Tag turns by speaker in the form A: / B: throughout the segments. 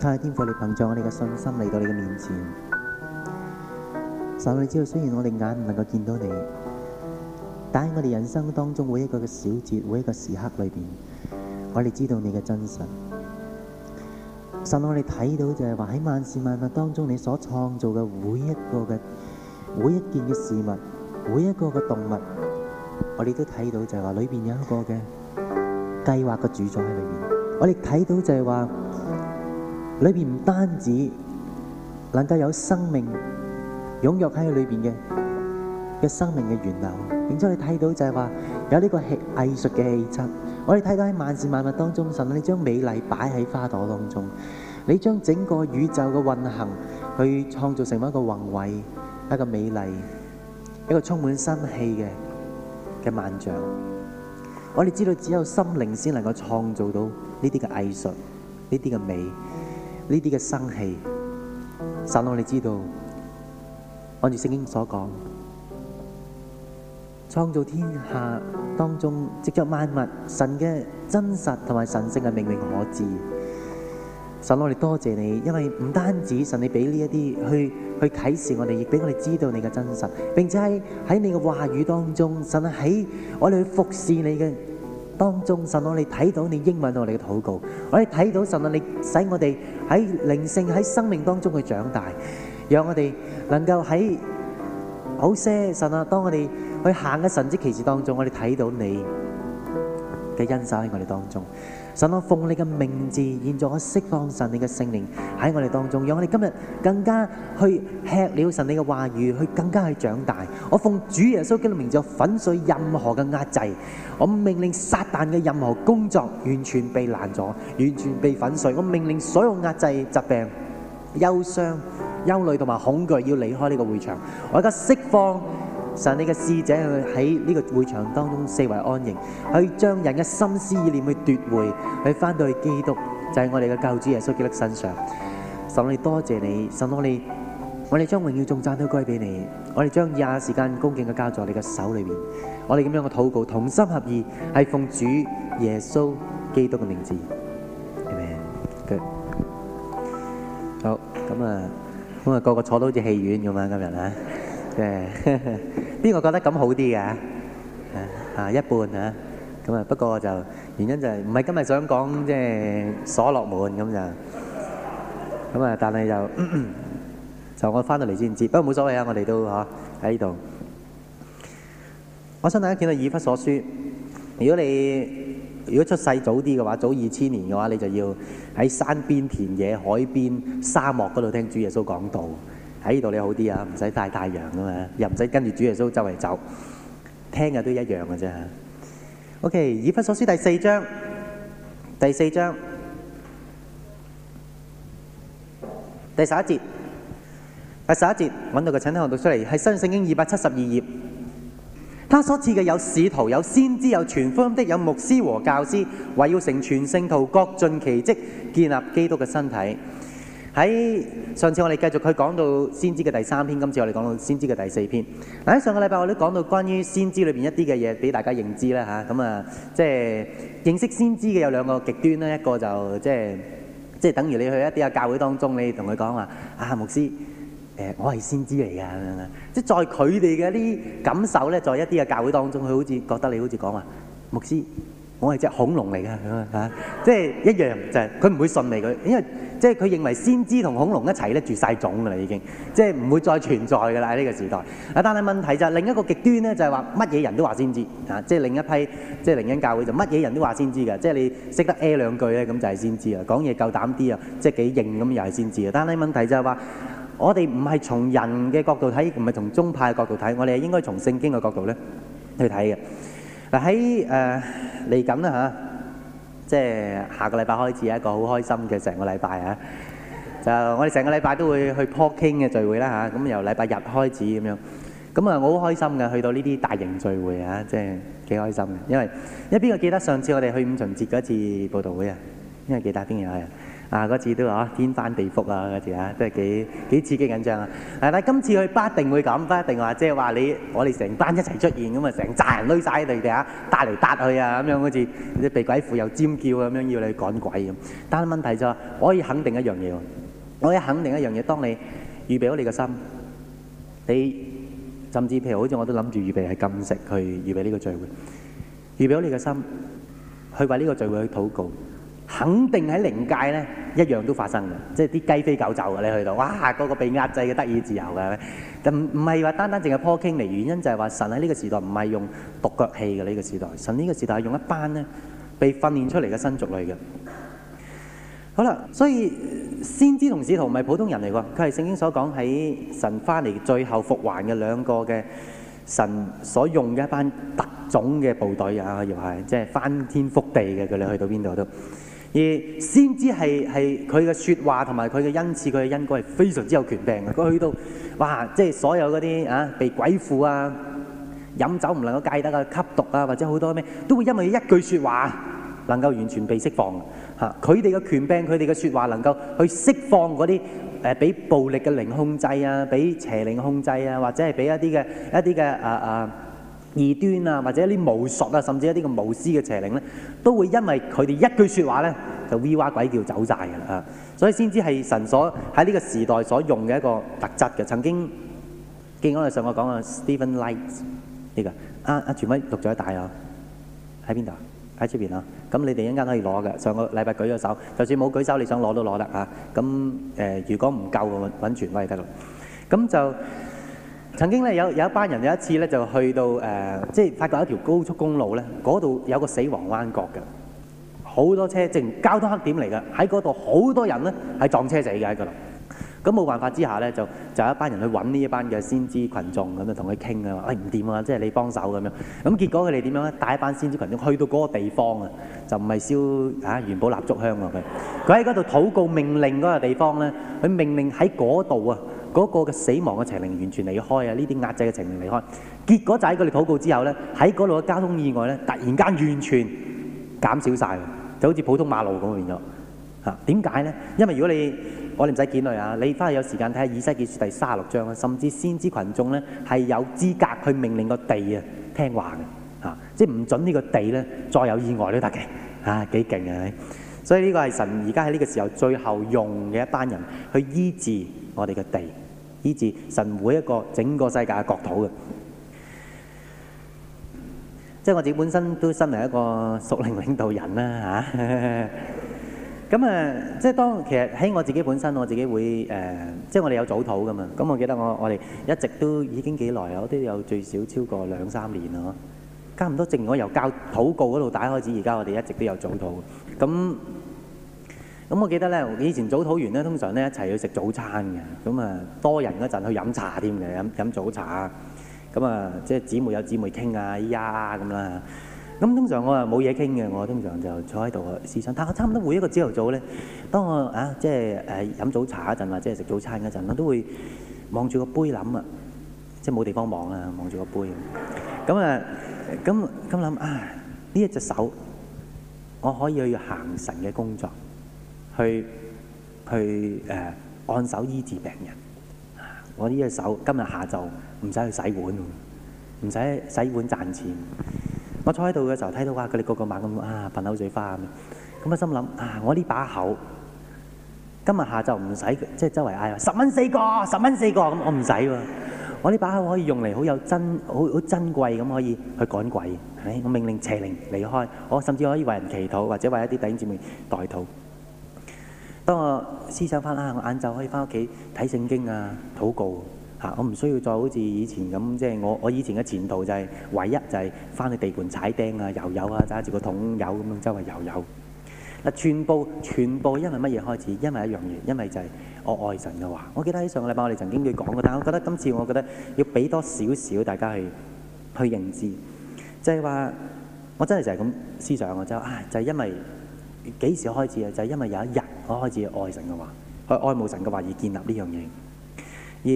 A: 太天父憑著我哋嘅信心嚟到你嘅面前。神，你知道雖然我哋眼唔能夠見到你，但係我哋人生當中每一個嘅小節、每一個時刻裏邊，我哋知道你嘅真實。神，神，我哋睇到就係話喺萬事萬物當中，你所創造嘅每一個嘅每一件嘅事物，每一個嘅動物，我哋都睇到就係話裏邊有一個嘅計劃嘅主宰喺裏邊。我哋睇到就係話。裏面唔單止能夠有生命踴躍喺裏面嘅嘅生命嘅源流，然之後你睇到就係話有呢個氣藝術嘅氣質。我哋睇到喺萬事萬物當中，神你將美麗擺喺花朵當中，你將整個宇宙嘅運行去創造成為一個宏偉、一個美麗、一個充滿生氣嘅嘅萬象。我哋知道，只有心靈先能夠創造到呢啲嘅藝術，呢啲嘅美。呢啲嘅生氣，神我哋知道，按照聖經所講，創造天下當中，藉着萬物，神嘅真實同埋神性嘅明明可知。神我哋多謝你，因為唔單止神你俾呢一啲去去啟示我哋，亦俾我哋知道你嘅真實，並且喺喺你嘅話語當中，神喺我哋去服侍你嘅。當中，神我哋睇到你的英文我哋嘅禱告，我哋睇到神啊，你使我哋喺靈性喺生命當中去長大，讓我哋能夠喺好些，神啊，當我哋去行嘅神之奇事當中，我哋睇到你嘅恩賞喺我哋當中。神，我奉你嘅名字，現在我釋放神你嘅聖靈，喺我哋當中，讓我哋今日更加去吃了神你嘅話語，去更加去長大。我奉主耶穌基督嘅名字，就粉碎任何嘅壓制。我命令撒旦嘅任何工作完全被攔咗，完全被粉碎。我命令所有壓制、疾病、憂傷憂慮同埋恐懼要離開呢個會場，我而家釋放。神，你嘅使者去喺呢個會場當中四圍安營，去將人嘅心思意念去奪回，去翻到去基督，就係我哋嘅救主耶穌基督身上。神，我哋多謝你，神，我哋我哋將榮耀頌讚都歸俾你，我哋將以下時間恭敬嘅交在你嘅手裏邊，我哋咁樣嘅禱告，同心合意，係奉主耶穌基督嘅名字。阿門。好，咁啊，咁啊，個個坐到好似戲院咁樣，今日啊。即係邊個覺得咁好啲嘅，嚇一半嚇咁啊！不過就原因就係唔係今日想講即係鎖落門咁就咁啊！但係就就我翻到嚟先知。不過冇所謂啊！我哋都嚇喺呢度。我想大家見到以弗所書，如果你如果出世早啲嘅話，早二千年嘅話，你就要喺山邊、田野、海邊、沙漠嗰度聽主耶穌講道。喺呢度你好啲啊，唔使曬太陽嘛，又唔使跟住主耶穌周圍走，聽嘅都一樣嘅啫。OK，以弗所書第四章，第四章，第十一節，第十一節，搵到個陳天學讀出嚟，係新聖經二百七十二頁。他所賜嘅有使徒、有先知、有傳福音的、有牧師和教師，為要成全聖徒，各盡其職，建立基督嘅身體。喺上次我哋繼續佢講到先知嘅第三篇，今次我哋講到先知嘅第四篇。喺上個禮拜我都講到關於先知裏邊一啲嘅嘢俾大家認知啦吓，咁啊即係、啊就是、認識先知嘅有兩個極端啦，一個就即係即係等於你去一啲嘅教會當中，你同佢講話，啊牧師誒、呃、我係先知嚟㗎，即、就、係、是、在佢哋嘅啲感受咧，在一啲嘅教會當中，佢好似覺得你好似講話，牧師我係隻恐龍嚟㗎咁啊，即、就、係、是、一樣就係佢唔會信你佢，因為即係佢認為先知同恐龍一齊咧，絕晒種㗎啦，已經了了即係唔會再存在㗎啦喺呢個時代。啊，但係問題就係、另一個極端咧，就係話乜嘢人都話先知啊，即係另一批即係靈恩教會就乜嘢人都話先知㗎。即係你識得誒、啊、兩句咧，咁就係先知啦。講嘢夠膽啲啊，即係幾硬咁又係先知啊。但係問題就係、是、話我哋唔係從人嘅角度睇，唔係從宗派嘅角度睇，我哋係應該從聖經嘅角度咧去睇嘅。嗱喺誒嚟緊啦嚇。呃即係下個禮拜開始係一個好開心嘅成個禮拜啊！就我哋成個禮拜都會去 p o k King 嘅聚會啦嚇，咁、啊、由禮拜日開始咁樣。咁啊，我好開心嘅，去到呢啲大型聚會啊，即係幾開心嘅，因為因為邊個記得上次我哋去五旬節嗰次報道會啊？邊個記得邊個啊？啊！嗰次都嚇天翻地覆啊！嗰次嚇都係幾幾刺激緊張啊！但係今次佢不一定會咁，不一定話即係話你我哋成班一齊出現咁啊！成扎人攆曬喺地地下，打嚟打去啊！咁樣好似啲被鬼符又尖叫咁樣要你趕鬼咁。但係問題就話可以肯定一樣嘢喎，可以肯定一樣嘢，當你預備好你嘅心，你甚至譬如好似我都諗住預備係禁食去預備呢個聚會，預備好你嘅心去為呢個聚會去禱告。肯定喺靈界咧，一樣都發生嘅，即係啲雞飛狗走嘅。你去到，哇，個、那個被壓制嘅，得以自由嘅，唔唔係話單單淨係破鏡嚟。原因就係話神喺呢個時代唔係用獨腳戲嘅呢、這個時代，神呢個時代係用一班咧被訓練出嚟嘅新族類嘅。好啦，所以先知同使徒唔係普通人嚟㗎，佢係聖經所講喺神翻嚟最後復還嘅兩個嘅神所用嘅一班特種嘅部隊啊，又係即係翻天覆地嘅，佢哋去到邊度都。而先知係係佢嘅説話同埋佢嘅恩賜，佢嘅因果係非常之有權柄嘅。佢去到哇，即係所有嗰啲啊，被鬼附啊，飲酒唔能夠戒得啊，吸毒啊，或者好多咩，都會因為一句説話能夠完全被釋放吓。佢哋嘅權柄，佢哋嘅説話能夠去釋放嗰啲誒，俾暴力嘅靈控制啊，俾邪靈控制啊，或者係俾一啲嘅一啲嘅啊啊。異端啊，或者一啲巫術啊，甚至一啲嘅巫師嘅邪靈咧，都會因為佢哋一句説話咧，就 v 哇鬼叫走曬嘅啦啊！所以先知係神所喺呢個時代所用嘅一個特質嘅。曾經見上說的 Light，這個，見我哋上個講啊 Stephen Light 呢個啊啊傳威讀咗一大在哪裡啊，喺邊度？喺出邊啊？咁你哋一陣間可以攞嘅。上個禮拜舉咗手，就算冇舉手，你想攞都攞得啊！咁誒、呃，如果唔夠揾揾傳威得啦。咁就。曾經咧有有一班人有一次咧，就去到誒，即係發覺一條高速公路咧，嗰度有個死亡彎角嘅，好多車正交通黑點嚟嘅，喺嗰度好多人咧係撞車死嘅喺嗰度。咁冇辦法之下咧就就有一班人去搵呢一班嘅先知群眾咁啊同佢傾啊，話誒唔掂啊，即係你幫手咁樣。咁結果佢哋點樣咧？帶一班先知群眾去到嗰個地方不是啊，就唔係燒嚇元寶蠟燭香啊佢。佢喺嗰度禱告命令嗰個地方咧，佢命令喺嗰度啊。嗰、那個嘅死亡嘅情形完全離開啊！呢啲壓制嘅情形離開，結果就喺佢哋禱告之後咧，喺嗰度嘅交通意外咧，突然間完全減少曬，就好似普通馬路咁變咗嚇。點解咧？因為如果你我哋唔使見佢啊，你翻去有時間睇下《以西結書》第三十六章啊，甚至先知群眾咧係有資格去命令個地聽話的、啊、即不准這個地啊聽話嘅嚇，即係唔準呢個地咧再有意外都得嘅啊。幾勁啊，所以呢個係神而家喺呢個時候最後用嘅一班人去醫治。我哋嘅地，以至神會一個整個世界嘅國土嘅，即係我自己本身都身為一個屬靈領導人啦嚇。咁啊，即係當其實喺我自己本身，我自己會誒，即係我哋有早禱噶嘛。咁我記得我我哋一直都已經幾耐啊，我都有最少超過兩三年啊，嚇。差唔多正我由教禱告嗰度打開始，而家我哋一直都有早禱，咁。咁我記得咧，以前早禱完咧，通常咧一齊去食早餐嘅。咁啊，多人嗰陣去飲茶添嘅，飲飲早茶啊。咁啊，即係姊妹有姊妹傾啊，咿呀咁啦。咁通常我啊冇嘢傾嘅，我通常就坐喺度啊，思想。但我差唔多每一個朝頭早咧，當我啊即係誒飲早茶嗰陣或即係食早餐嗰陣，我都會望住個杯諗啊，即係冇地方望啊，望住個杯。咁啊，咁咁諗啊，呢一隻手我可以去行神嘅工作。去去誒，按手醫治病人。我呢隻手今日下晝唔使去洗碗，唔使洗碗賺錢。我坐喺度嘅時候，睇到啊，佢哋個個猛咁啊噴口水花咁。咁啊心諗啊，我呢把口今日下晝唔使即係周圍嗌十蚊四個，十蚊四個咁，我唔使喎。我呢把口可以用嚟好有珍好好珍貴咁，可以去趕鬼。我命令邪靈離開。我甚至可以為人祈禱，或者為一啲弟兄姊妹代禱。當我思想翻啦、啊，我晏晝可以翻屋企睇聖經啊、禱告嚇、啊，我唔需要再好似以前咁，即係我我以前嘅前途就係唯一就係翻去地盤踩釘啊、又有啊，揸住個桶遊咁樣周圍遊遊。嗱、啊，全部全部因為乜嘢開始？因為一樣嘢，因為就係我愛神嘅話。我記得喺上個禮拜我哋曾經對講過，但係我覺得今次我覺得要俾多少少大家去去認知，就係話我真係就係咁思想我就啫，就係啊就係因為。幾時開始啊？就係、是、因為有一日我開始愛神嘅話，愛愛慕神嘅話而建立呢樣嘢。而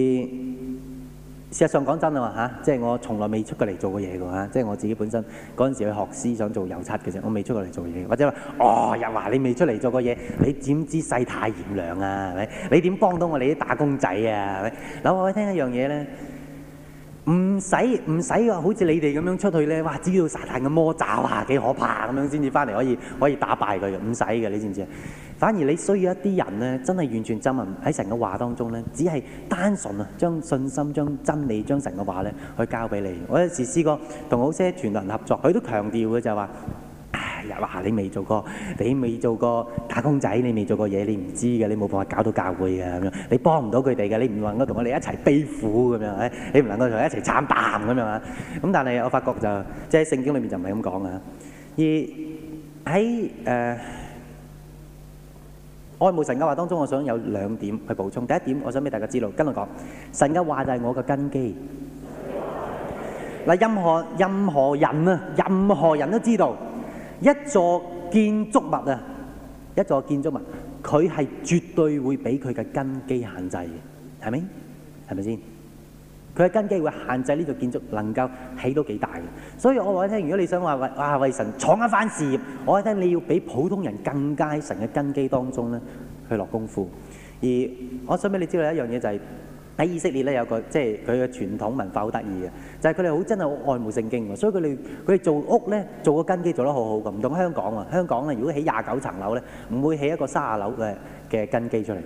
A: 事實上講真的啊嘛吓，即、就、係、是、我從來未出過嚟做過嘢嘅嚇，即、啊、係、就是、我自己本身嗰陣時去學師想做郵差嘅啫，我未出過嚟做嘢。或者話哦又話你未出嚟做過嘢，你點知世態炎涼啊？係咪？你點幫到我哋啲打工仔啊？係咪？諗開聽一樣嘢咧。唔使唔使話，好似你哋咁樣出去呢，哇！只要撒旦嘅魔爪啊，幾可怕咁樣先至翻嚟，可以可以打敗佢嘅，唔使嘅，你知唔知啊？反而你需要一啲人呢，真係完全浸淫喺神嘅話當中呢，只係單純啊，將信心、將真理、將神嘅話呢去交俾你。我有時試過同好些傳道人合作，佢都強調嘅就係話。哇！你未做過，你未做過打工仔，你未做過嘢，你唔知嘅，你冇辦法搞到教會嘅咁樣。你幫唔到佢哋嘅，你唔能夠同我哋一齊悲苦咁樣，你唔能夠同佢一齊慘淡咁樣啊！咁但係我發覺就即係聖經裏面就唔係咁講啊。而喺誒愛慕神嘅話當中，我想有兩點去補充。第一點，我想俾大家知道，跟我講神嘅話就係我嘅根基。嗱，任何任何人啊，任何人都知道。一座建築物啊，一座建築物，佢係絕對會俾佢嘅根基限制嘅，係咪？係咪先？佢嘅根基會限制呢座建築能夠起到幾大嘅。所以我話你聽，如果你想話為哇為神闖一番事業，我話你聽，你要比普通人更加喺神嘅根基當中咧去落功夫。而我想俾你知道一樣嘢就係，是。喺以色列咧有個即係佢嘅傳統文化好得意嘅，就係佢哋好真係好愛慕聖經喎，所以佢哋佢哋做屋咧做個根基做得好好咁，唔同香港啊，香港咧如果起廿九層樓咧，唔會起一個卅樓嘅嘅根基出嚟嘅。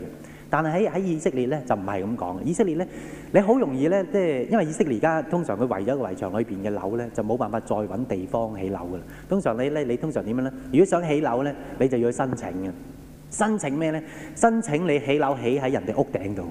A: 但係喺喺以色列咧就唔係咁講，以色列咧你好容易咧即係因為以色列而家通常佢圍咗個圍牆裏邊嘅樓咧就冇辦法再揾地方起樓噶啦。通常你咧你通常點樣咧？如果想起樓咧，你就要去申請嘅，申請咩咧？申請你起樓起喺人哋屋頂度。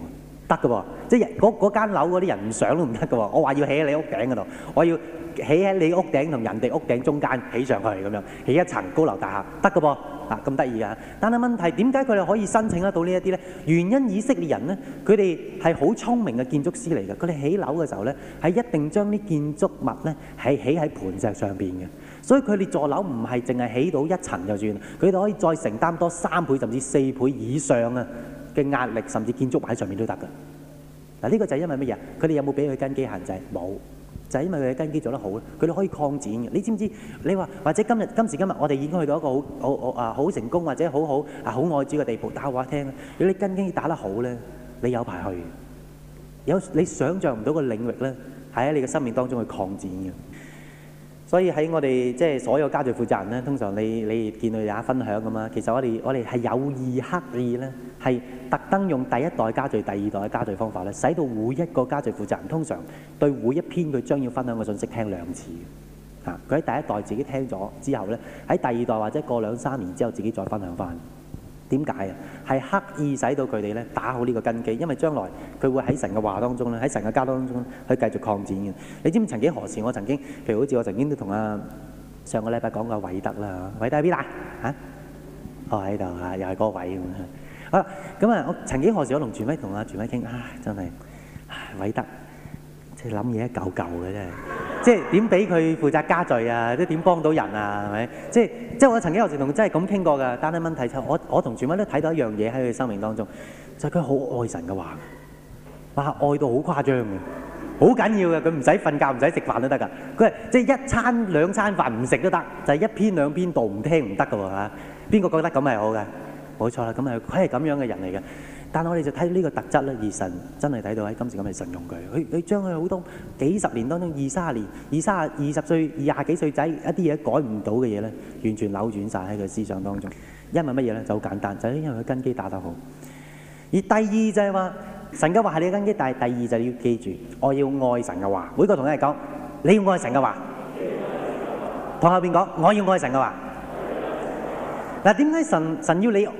A: 得㗎喎，即係嗰嗰間樓嗰啲人唔想都唔得㗎喎。我話要起喺你屋頂嗰度，我要起喺你屋頂同人哋屋頂中間起上去咁樣，起一層高樓大廈得㗎噃。嗱咁得意㗎，但係問題點解佢哋可以申請得到呢一啲呢？原因以色列人呢，佢哋係好聰明嘅建築師嚟嘅。佢哋起樓嘅時候呢，係一定將啲建築物呢係起喺磐石上邊嘅。所以佢哋座樓唔係淨係起到一層就算，佢哋可以再承擔多三倍甚至四倍以上啊嘅壓力甚至建築擺喺上面都得㗎。嗱、啊、呢、這個就係因為乜嘢？佢哋有冇俾佢根基限制？冇，就係、是、因為佢嘅根基做得好。佢哋可以擴展嘅。你知唔知？你話或者今日今時今日我哋已經去到一個好好啊好成功或者好好啊好愛主嘅地步，打個話聽，如果你根基打得好咧，你有排去，有你想象唔到嘅領域咧，喺你嘅生命當中去擴展嘅。所以喺我哋即係所有家聚負責人咧，通常你你見到也分享咁嘛。其實我哋我哋係有意刻意咧，係特登用第一代家聚、第二代嘅家聚方法咧，使到每一個家聚負責人通常對每一篇佢將要分享嘅信息聽兩次，嚇！佢喺第一代自己聽咗之後咧，喺第二代或者過兩三年之後自己再分享翻。點解啊？係刻意使到佢哋咧打好呢個根基，因為將來佢會喺神嘅話當中咧，喺神嘅家當中咧，去繼續擴展嘅。你知唔知曾幾何時我曾經，譬如好似我曾經都同啊上個禮拜講過偉德啦，偉德喺邊啊？嚇，我喺度啊，又係嗰個偉咁樣啊。咁啊，我曾幾何時我同傳威同啊傳威傾啊？真係偉德。你諗嘢一嚿嚿嘅啫，即係點俾佢負責家務啊？即係點幫到人啊？係咪？即係即係我曾經有時同佢真係咁傾過㗎。但係問題就係我我同全文都睇到一樣嘢喺佢生命當中，就係佢好愛神嘅話，哇！愛到好誇張嘅，好緊要嘅。佢唔使瞓覺，唔使食飯都得㗎。佢係即係一餐兩餐飯唔食都得，就係、是、一篇兩篇道唔聽唔得㗎喎，係嘛？邊個覺得咁係好嘅？冇錯啦，咁係佢係咁樣嘅人嚟嘅。但我哋就睇到呢個特質咧，而神真係睇到喺今時今日神用佢，佢佢將佢好多幾十年當中二三十年、二三十二十歲、廿幾歲仔一啲嘢改唔到嘅嘢咧，完全扭轉晒喺佢思想當中。因為乜嘢咧？就好簡單，就係因為佢根基打得好。而第二就係話神嘅話係你嘅根基，但係第二就係你要記住，我要愛神嘅話。每個同你嚟講，你要愛神嘅話，同後邊講，我要愛神嘅話。嗱，點解神神要你愛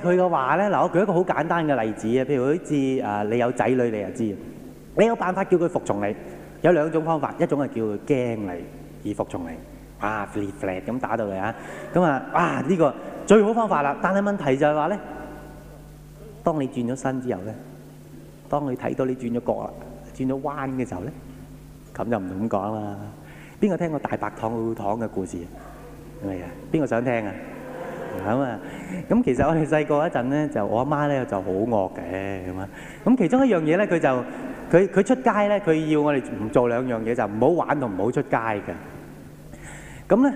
A: 佢嘅話咧？嗱，我舉一個好簡單嘅例子啊，譬如好似啊，你有仔女，你就知，你有辦法叫佢服從你，有兩種方法，一種係叫佢驚你而服從你，哇，split flat 咁打到你啊，咁啊，哇，呢個最好方法啦，但係問題就係話咧，當你轉咗身之後咧，當你睇到你轉咗角啦，轉咗彎嘅時候咧，咁就唔同咁講啦。邊個聽過大白糖老糖嘅故事？係咪啊，邊個想聽啊？咁啊，咁其實我哋細個嗰陣咧，就我阿媽咧就好惡嘅咁啊。咁其中一樣嘢咧，佢就佢佢出街咧，佢要我哋唔做兩樣嘢，就唔好玩同唔好出街㗎。咁咧，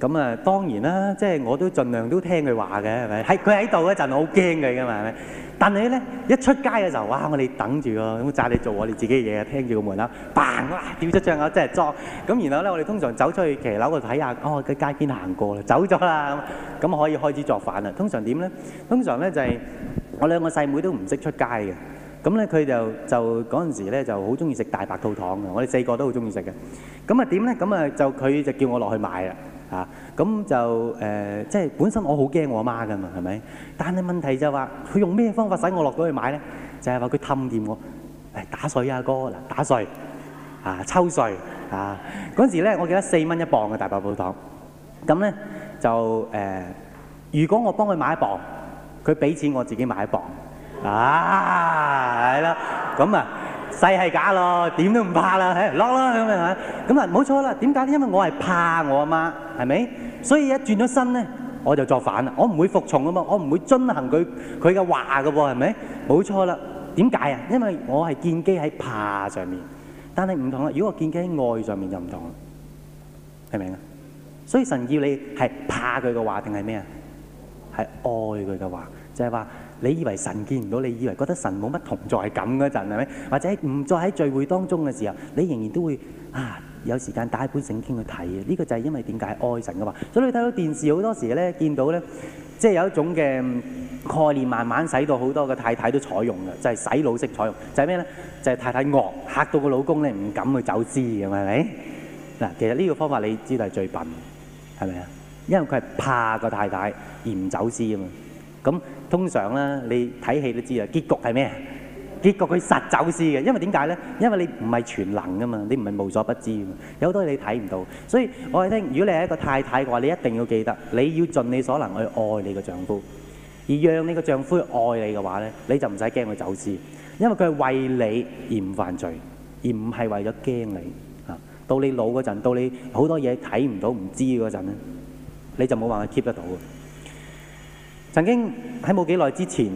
A: 咁啊當然啦，即係我都盡量都聽佢話嘅，係咪？喺佢喺度嗰陣，好驚佢㗎嘛，係咪？但係呢，一出街嘅時候，哇，我哋等住喎，咁，炸你做我哋自己嘅嘢，聽住個門口，啪，吊出彰，即係裝，咁，然後呢，我哋通常走出去騎樓去睇下,哦，佢街邊行過,走咗啦，咁，可以開始作飯啦，通常點呢？通常呢，就係，我兩個細妹都唔識出街嘅，咁，佢就，嗰陣時呢，就，好鍾意食大白兔糖，嘅，我哋四個都好鍾意食嘅，啊，咁就誒、呃，即係本身我好驚我阿媽噶嘛，係咪？但係問題就話、是，佢用咩方法使我落到去買咧？就係話佢氹掂我，嚟打碎啊哥嗱，打碎啊，啊，抽碎啊，嗰時咧我記得四蚊一磅嘅大白布糖，咁咧就誒、呃，如果我幫佢買一磅，佢俾錢我自己買一磅，啊，係啦，咁啊。世係假咯，點都唔怕啦，喺度啦咁樣吓，咁啊冇錯啦。點解咧？因為我係怕我阿媽，係咪？所以一轉咗身咧，我就作反啦。我唔會服從啊嘛，我唔會遵行佢佢嘅話噶喎，係咪？冇錯啦。點解啊？因為我係建基喺怕上面，但係唔同啦。如果我建基喺愛上面就唔同啦，係咪？啊？所以神叫你係怕佢嘅話定係咩啊？係愛佢嘅話，就係話你以為神見唔到，你以為覺得神冇乜同在感嗰陣，係咪？或者唔再喺聚會當中嘅時候，你仍然都會啊有時間打開本聖經去睇嘅。呢個就係因為點解愛神嘅話，所以你睇到電視好多時咧，見到咧，即係有一種嘅概念慢慢使到好多嘅太太都採用嘅，就係洗腦式採用，就係咩咧？就係太太惡嚇到個老公咧，唔敢去走私嘅，係咪？嗱，其實呢個方法你知道係最笨，係咪啊？因為佢係怕個太太而唔走私啊嘛。咁通常咧，你睇戲都知啊。結局係咩？結局佢實走私嘅。因為點解咧？因為你唔係全能啊嘛，你唔係無所不知啊嘛，有好多嘢你睇唔到。所以我係聽，如果你係一個太太嘅話，你一定要記得，你要盡你所能去愛你個丈夫，而讓你個丈夫愛你嘅話咧，你就唔使驚佢走私，因為佢係為你而唔犯罪，而唔係為咗驚你啊。到你老嗰陣，到你好多嘢睇唔到唔知嗰陣咧。你就冇辦法 keep 得到。曾經喺冇幾耐之前，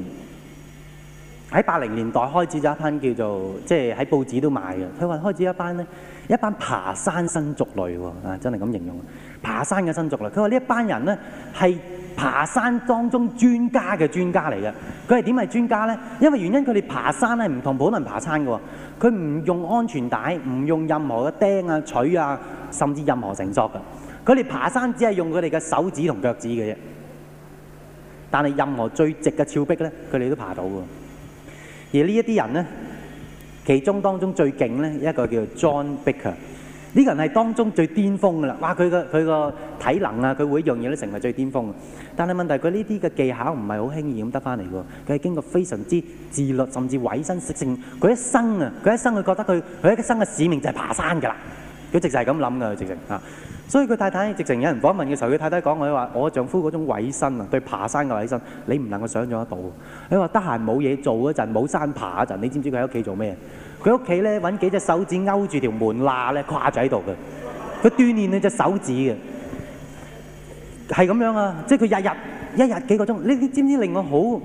A: 喺八零年代開始咗一班叫做即係喺報紙都賣嘅。佢話開始一班咧，一班爬山新族類喎，啊，真係咁形容。爬山嘅新族類，佢話呢一班人咧係爬山當中專家嘅專家嚟嘅。佢係點係專家咧？因為原因佢哋爬山咧唔同普通人爬山嘅喎，佢唔用安全帶，唔用任何嘅釘啊、錘啊，甚至任何繩索嘅。佢哋爬山只係用佢哋嘅手指同腳趾嘅啫，但係任何最直嘅峭壁咧，佢哋都爬到㗎。而這些呢一啲人咧，其中當中最勁咧，一個叫 John Bicker，呢個人係當中最巔峰㗎啦。哇！佢個佢個體能啊，佢會一樣嘢都成為最巔峯。但係問題佢呢啲嘅技巧唔係好輕易咁得翻嚟㗎，佢係經過非常之自律，甚至毀身食性。佢一生啊，佢一生佢覺得佢佢一生嘅使命就係爬山㗎啦，佢直就係咁諗㗎，直程啊。所以佢太太直情有人訪問嘅時候，佢太太講：佢話我丈夫嗰種委身啊，對爬山嘅委身，你唔能夠想象得到。你話得閒冇嘢做嗰陣，冇山爬嗰陣，你知唔知佢喺屋企做咩？佢屋企咧揾幾隻手指勾住條門罅咧，跨住喺度嘅。佢鍛鍊佢隻手指嘅，係咁樣啊！即係佢日日一日幾個鐘，你知唔知令我好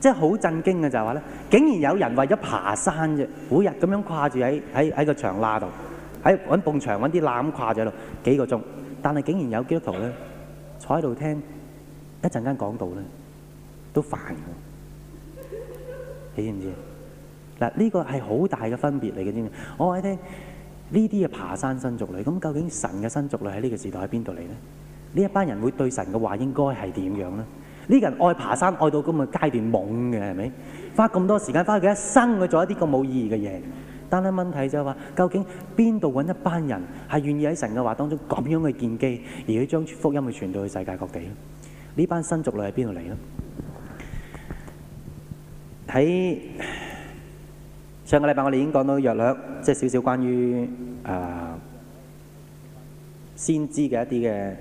A: 即係好震驚嘅就係話咧，竟然有人為咗爬山啫，每日咁樣跨住喺喺喺個牆罅度。喺揾埲牆揾啲攬跨咗度幾個鐘，但係竟然有基督徒咧坐喺度聽，一陣間講到咧，都煩嘅，你知唔知？嗱，呢個係好大嘅分別嚟嘅啫嘛！我話你聽，呢啲嘅爬山新族類，咁究竟神嘅新族類喺呢個時代喺邊度嚟咧？呢一班人會對神嘅話應該係點樣咧？呢個人愛爬山愛到咁嘅階段懵嘅係咪？花咁多時間花佢一生去做一啲咁冇意義嘅嘢。但係問題就係話，究竟邊度揾一班人係願意喺神嘅話當中咁樣嘅建基，而且將福音去傳到去世界各地咧？呢班新族類喺邊度嚟咧？喺上個禮拜我哋已經講到約略，即係少少關於誒先知嘅一啲嘅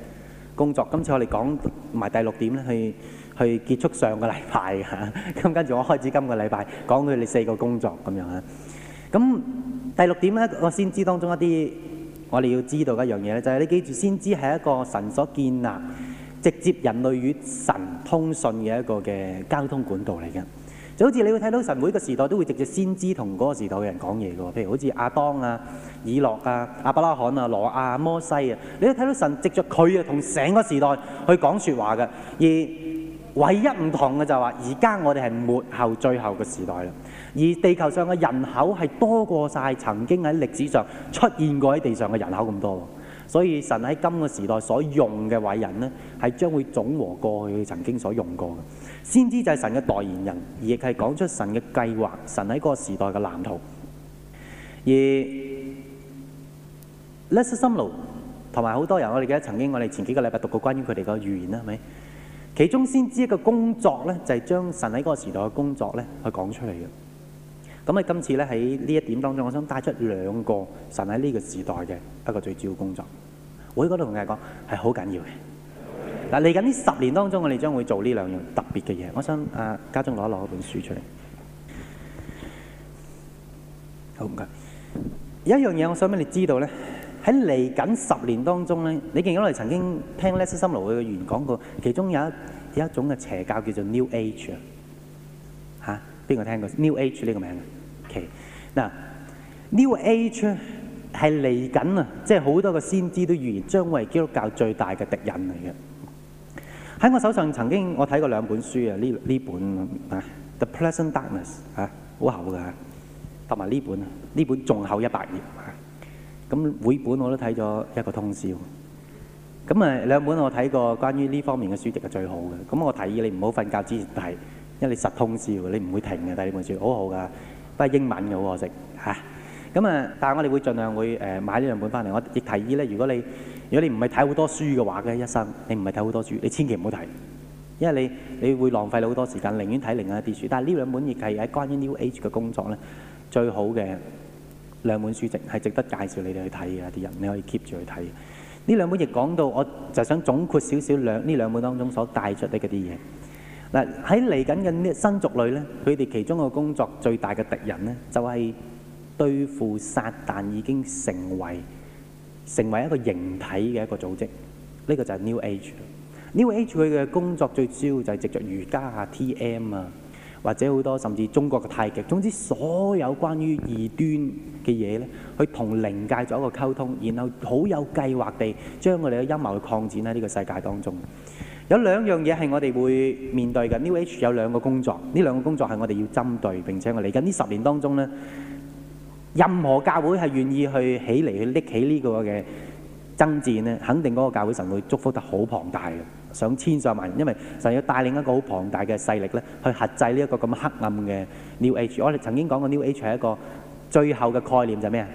A: 工作。今次我哋講埋第六點咧，去去結束上個禮拜嚇。咁跟住我開始今個禮拜講佢哋四個工作咁樣啊。咁第六點咧，我先知當中一啲我哋要知道嘅一樣嘢咧，就係你記住，先知係一個神所建立、直接人類與神通訊嘅一個嘅交通管道嚟嘅。就好似你會睇到神每個時代都會直接先知同嗰個時代嘅人講嘢嘅，譬如好似亞當啊、以諾啊、阿伯拉罕啊、羅亞、摩西啊，你都睇到神藉着佢啊，同成個時代去講説話嘅。而唯一唔同嘅就係話，而家我哋係末後最後嘅時代啦。而地球上嘅人口係多過晒曾經喺歷史上出現過喺地上嘅人口咁多，所以神喺今個時代所用嘅偉人呢，係將會總和過去佢曾經所用過嘅先知就係神嘅代言人，而亦係講出神嘅計劃，神喺嗰個時代嘅藍圖。而 l e s us f o l l o 同埋好多人，我哋記得曾經我哋前幾個禮拜讀過關於佢哋嘅預言啦，係咪？其中先知一個工作呢，就係將神喺嗰個時代嘅工作呢，去講出嚟嘅。咁啊！今次咧喺呢一點當中，我想帶出兩個神喺呢個時代嘅一個最主要工作。我喺嗰度同大家講係好緊要嘅。嗱，嚟緊呢十年當中，我哋將會做呢兩樣特別嘅嘢。我想啊，家中攞一攞一本書出嚟。好唔該。有一樣嘢我想俾你知道咧，喺嚟緊十年當中咧，你記到我哋曾經聽 l e s s 深入去嘅原講過？其中有一有一種嘅邪教叫做 New Age 啊。嚇？邊個聽過 New Age 呢個名啊？其嗱 New Age 係嚟緊啊！即係好多個先知都預言將會係基督教最大嘅敵人嚟嘅。喺我手上曾經我睇過兩本書啊，呢呢本啊《The Present Darkness》啊，好厚噶，同埋呢本啊，呢本仲厚一百頁啊。咁每本我都睇咗一個通宵。咁啊兩本我睇過關於呢方面嘅書籍係最好嘅。咁我提議你唔好瞓覺之前睇，因為你實通宵，你唔會停嘅。睇呢本書好好噶。都係英文嘅，好可惜咁啊，但係我哋會盡量會誒買呢兩本翻嚟。我亦提議咧，如果你如果你唔係睇好多書嘅話咧，一生你唔係睇好多書，你千祈唔好睇，因為你你會浪費你好多時間。寧願睇另外一啲書。但係呢兩本亦係喺關於 New Age 嘅工作咧，最好嘅兩本書籍係值得介紹你哋去睇嘅一啲人，你可以 keep 住去睇。呢兩本亦講到，我就想總括少少兩呢兩本當中所帶出的啲嘢。嗱，喺嚟緊嘅新族類咧，佢哋其中一個工作最大嘅敵人咧，就係、是、對付撒旦已經成為成為一個形體嘅一個組織。呢、這個就係 New Age。New Age 佢嘅工作最主要就係藉着瑜伽啊、TM 啊，或者好多甚至中國嘅太極，總之所有關於異端嘅嘢咧，去同靈界做一個溝通，然後好有計劃地將我哋嘅陰謀去擴展喺呢個世界當中。有兩樣嘢係我哋會面對嘅，New Age 有兩個工作，呢兩個工作係我哋要針對並，並且我嚟緊呢十年當中呢，任何教會係願意去起嚟去拎起這個呢個嘅爭戰咧，肯定嗰個教會神會祝福得好龐大嘅，上千上萬人，因為神要帶領一個好龐大嘅勢力咧，去核制呢一個咁黑暗嘅 New Age。我哋曾經講過 New Age 係一個最後嘅概念就係咩啊？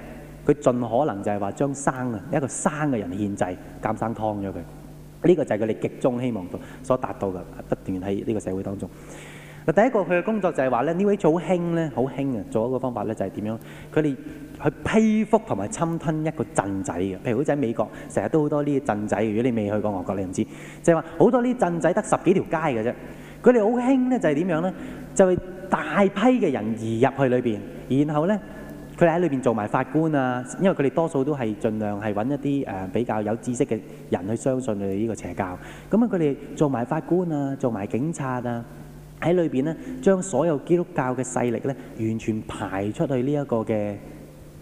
A: 佢盡可能就係話將生啊一個生嘅人獻祭，監生劏咗佢。呢個就係佢哋極中希望所達到嘅，不斷喺呢個社會當中。第一個佢嘅工作就係話咧，呢位好興咧，好興啊，做一個方法咧就係點樣？佢哋去批覆同埋侵吞一個鎮仔嘅，譬如好似喺美國成日都好多呢啲鎮仔。如果你未去過外國，你唔知道，就係話好多呢啲鎮仔得十幾條街嘅啫。佢哋好興咧，就係點樣咧？就係大批嘅人移入去裏邊，然後咧。佢哋喺裏邊做埋法官啊，因為佢哋多數都係盡量係揾一啲誒比較有知識嘅人去相信佢哋呢個邪教。咁啊，佢哋做埋法官啊，做埋警察啊，喺裏邊咧將所有基督教嘅勢力咧完全排出去呢一個嘅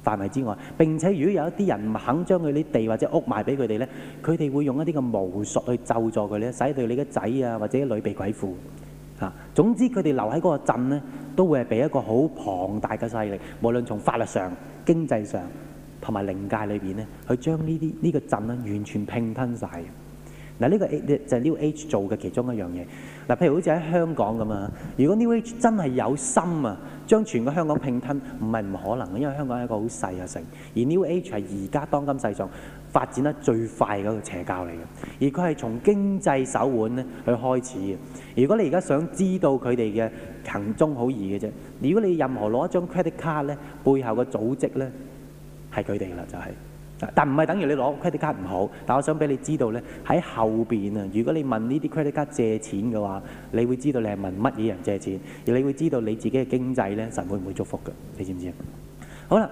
A: 範圍之外。並且如果有一啲人唔肯將佢啲地或者屋賣俾佢哋咧，佢哋會用一啲嘅巫術去咒助佢咧，使到你嘅仔啊或者女被鬼附。啊，總之佢哋留喺嗰個鎮咧，都會係被一個好龐大嘅勢力，無論從法律上、經濟上同埋靈界裏邊呢，去將呢啲呢個鎮呢完全拼吞曬。嗱，呢個就係 New Age 做嘅其中一樣嘢。嗱，譬如好似喺香港咁啊，如果 New Age 真係有心啊，將全個香港拼吞，唔係唔可能，因為香港係一個好細嘅城，而 New Age 係而家當今世上。發展得最快嗰個邪教嚟嘅，而佢係從經濟手腕咧去開始嘅。如果你而家想知道佢哋嘅行蹤好易嘅啫。如果你任何攞張 credit card 咧，背後嘅組織咧係佢哋啦，就係。但唔係等於你攞 credit card 唔好。但我想俾你知道咧，喺後邊啊，如果你問呢啲 credit card 借錢嘅話，你會知道你係問乜嘢人借錢，而你會知道你自己嘅經濟咧神會唔會祝福嘅？你知唔知啊？好啦。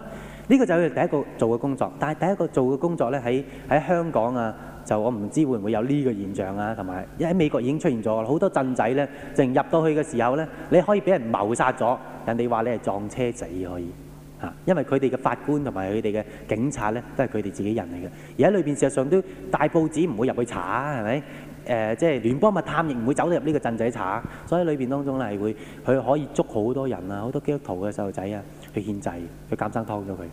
A: 呢個就係佢哋第一個做嘅工作，但係第一個做嘅工作呢，喺喺香港啊，就我唔知會唔會有呢個現象啊，同埋喺美國已經出現咗好多鎮仔呢，淨入到去嘅時候呢，你可以俾人謀殺咗，人哋話你係撞車仔可以嚇，因為佢哋嘅法官同埋佢哋嘅警察呢，都係佢哋自己人嚟嘅，而喺裏邊事實上都大報紙唔會入去查係咪？誒，即係聯邦物探亦唔會走入呢個鎮仔查，所以裏邊當中呢，係會佢可以捉好多人啊，好多基督徒嘅細路仔啊。去獻祭，去監生劏咗佢。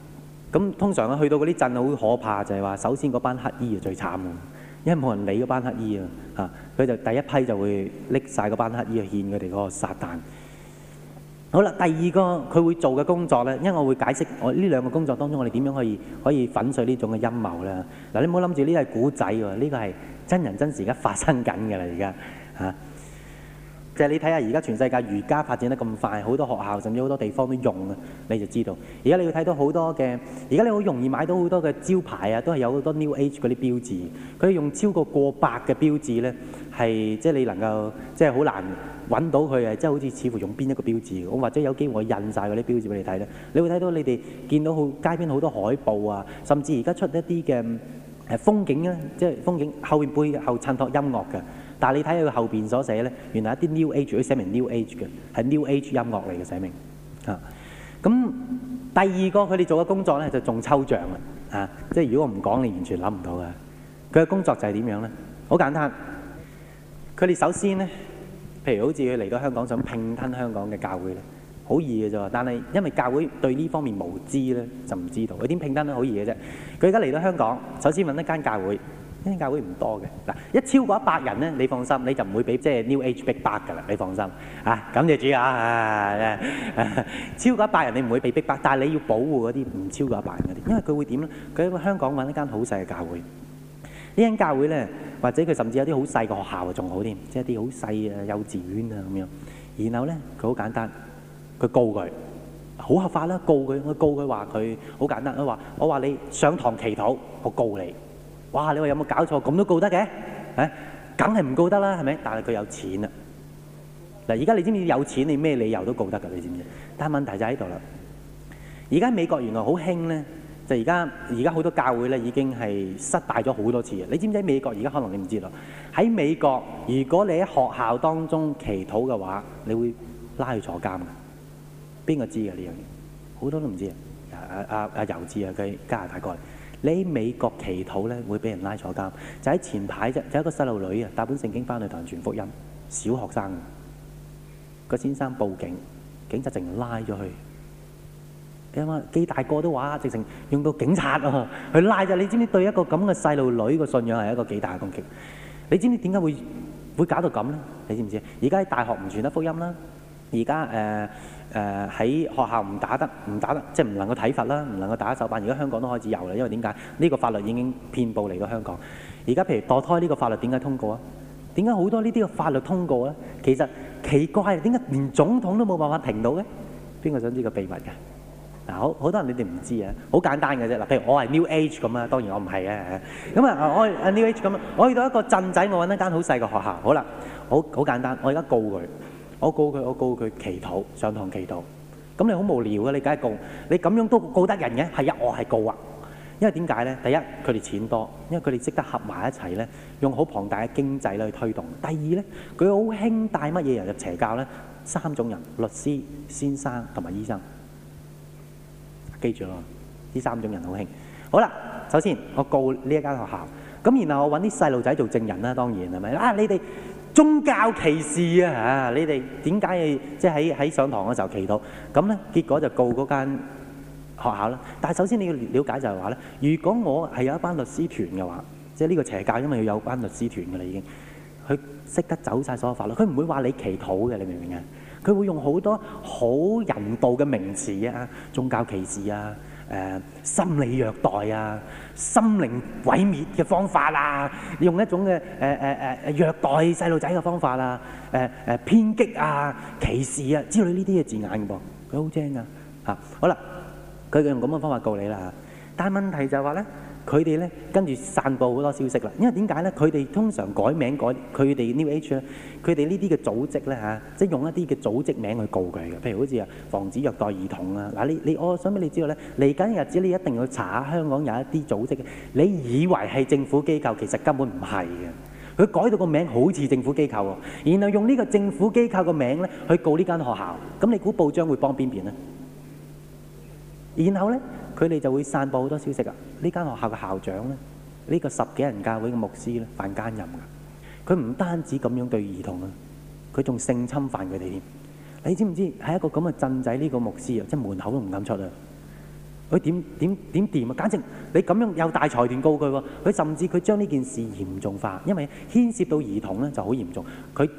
A: 咁通常去到嗰啲鎮好可怕，就係話首先嗰班乞衣啊，最慘，因為冇人理嗰班乞衣啊。啊，佢就第一批就會拎晒嗰班乞衣去獻佢哋嗰個撒旦。好啦，第二個佢會做嘅工作呢，因為我會解釋我呢兩個工作當中，我哋點樣可以可以粉碎呢種嘅陰謀呢。嗱，你唔好諗住呢個係古仔喎，呢個係真人真事而家發生緊嘅啦，而家嚇。即、就、係、是、你睇下而家全世界瑜伽發展得咁快，好多學校甚至好多地方都用啊，你就知道。而家你要睇到好多嘅，而家你好容易買到好多嘅招牌啊，都係有好多 New Age 嗰啲標誌。佢用超過過百嘅標誌咧，係即係你能夠即係、就是就是、好難揾到佢啊，即係好似似乎用邊一個標誌。咁，或者有機會印晒嗰啲標誌俾你睇咧。你會睇到你哋見到好街邊好多海報啊，甚至而家出一啲嘅誒風景咧，即、就、係、是、風景後面背後襯托音樂嘅。但係你睇佢後邊所寫咧，原來一啲 New Age 寫明 New Age 嘅，係 New Age 音樂嚟嘅寫明。啊，咁第二個佢哋做嘅工作咧就仲抽象啦。啊，即係如果我唔講，你完全諗唔到嘅。佢嘅工作就係點樣咧？好簡單，佢哋首先咧，譬如好似佢嚟到香港想拼吞香港嘅教會咧，好易嘅啫。但係因為教會對呢方面無知咧，就唔知道佢點拼吞咧，好易嘅啫。佢而家嚟到香港，首先搵一間教會。啲教會唔多嘅嗱，一超過一百人咧，你放心，你就唔會俾即係 New Age 逼迫㗎啦，你放心嚇、啊。感謝主啊，啊！超過一百人你唔會被逼迫，迫，但係你要保護嗰啲唔超過一百人嗰啲，因為佢會點咧？佢喺香港揾一間好細嘅教會，呢間教會咧，或者佢甚至有啲好細嘅學校仲好添，即係啲好細嘅幼稚園啊咁樣。然後咧，佢好簡單，佢告佢好合法啦，告佢，我告佢話佢好簡單，佢話我話我話你上堂祈禱，我告你。哇！你話有冇搞錯？咁都告得嘅，唉、欸，梗係唔告得啦，係咪？但係佢有錢啦。嗱，而家你知唔知有錢你咩理由都告得㗎？你知唔知？但係問題就喺度啦。而家美國原來好興咧，就而家而家好多教會咧已經係失敗咗好多次嘅。你知唔知？美國而家可能你唔知咯。喺美國，如果你喺學校當中祈禱嘅話，你會拉去坐監㗎。邊個知啊呢樣嘢？好多都唔知啊！阿阿阿尤志啊，佢加拿大過嚟。你喺美國祈禱咧，會俾人拉坐監。就喺前排啫，就有一個細路女啊，帶本聖經翻去同人傳福音，小學生。個先生報警，警察淨拉咗去。啱啱幾大個都話，直情用到警察啊，去拉就，你知唔知對一個咁嘅細路女個信仰係一個幾大嘅攻擊？你知唔知點解會會搞到咁咧？你知唔知？而家喺大學唔傳得福音啦。而家誒。呃誒、呃、喺學校唔打得唔打得，唔打即係唔能夠體罰啦，唔能夠打手板。而家香港都可以開始有啦，因為點解呢個法律已經遍佈嚟到香港。而家譬如墮胎呢個法律點解通過啊？點解好多呢啲嘅法律通告咧？其實奇怪啊，點解連總統都冇辦法停到嘅？邊個想知個秘密㗎？嗱，好好多人你哋唔知啊，好簡單嘅啫。嗱，譬如我係 New Age 咁啊，當然我唔係啊。咁啊，我係 New Age 咁，我遇到一個鎮仔，我揾一間好細嘅學校。好啦，好好簡單，我而家告佢。我告佢，我告佢祈禱，上堂祈禱。咁你好無聊嘅，你梗係告。你咁樣都告得人嘅？係啊，我係告啊。因為點解咧？第一，佢哋錢多，因為佢哋識得合埋一齊咧，用好龐大嘅經濟去推動。第二咧，佢好興帶乜嘢人入邪教咧？三種人：律師、先生同埋醫生。記住咯，呢三種人好興。好啦，首先我告呢一間學校。咁然後我揾啲細路仔做證人啦，當然係咪啊？你哋。宗教歧視啊！啊，你哋點解即係喺喺上堂嘅時候祈禱咁呢？結果就告嗰間學校啦。但係首先你要了解就係話呢，如果我係有一班律師團嘅話，即係呢個邪教因為要有班律師團嘅啦已經，佢識得走晒所有法律，佢唔會話你祈禱嘅，你明唔明啊？佢會用好多好人道嘅名詞啊，宗教歧視啊。誒、呃、心理虐待啊，心靈毀滅嘅方法啊，用一種嘅誒誒誒虐待細路仔嘅方法啊，誒、呃、誒、呃、偏激啊、歧視啊之類呢啲嘅字眼嘅噃，佢好精噶嚇，好啦，佢用咁嘅方法告你啦，但係問題就話咧。佢哋咧跟住散佈好多消息啦，因為點解咧？佢哋通常改名改佢哋 New Age 咧，佢哋呢啲嘅組織咧嚇，即係用一啲嘅組織名去告佢嘅，譬如好似啊防止虐待兒童啊嗱，你你我想俾你知道咧，嚟緊日子你一定要查下香港有一啲組織嘅，你以為係政府機構，其實根本唔係嘅，佢改到個名好似政府機構喎，然後用呢個政府機構個名咧去告呢間學校，咁你估報章會幫邊邊咧？然後呢，佢哋就會散佈好多消息啊！呢間學校嘅校長呢，呢個十幾人教會嘅牧師呢，犯奸淫㗎。佢唔單止咁樣對兒童啊，佢仲性侵犯佢哋添。你知唔知係一個咁嘅鎮仔呢個牧師啊？即係門口都唔敢出啊！佢點點點掂啊？簡直你咁樣有大財團告佢喎，佢甚至佢將呢件事嚴重化，因為牽涉到兒童呢就好嚴重。佢。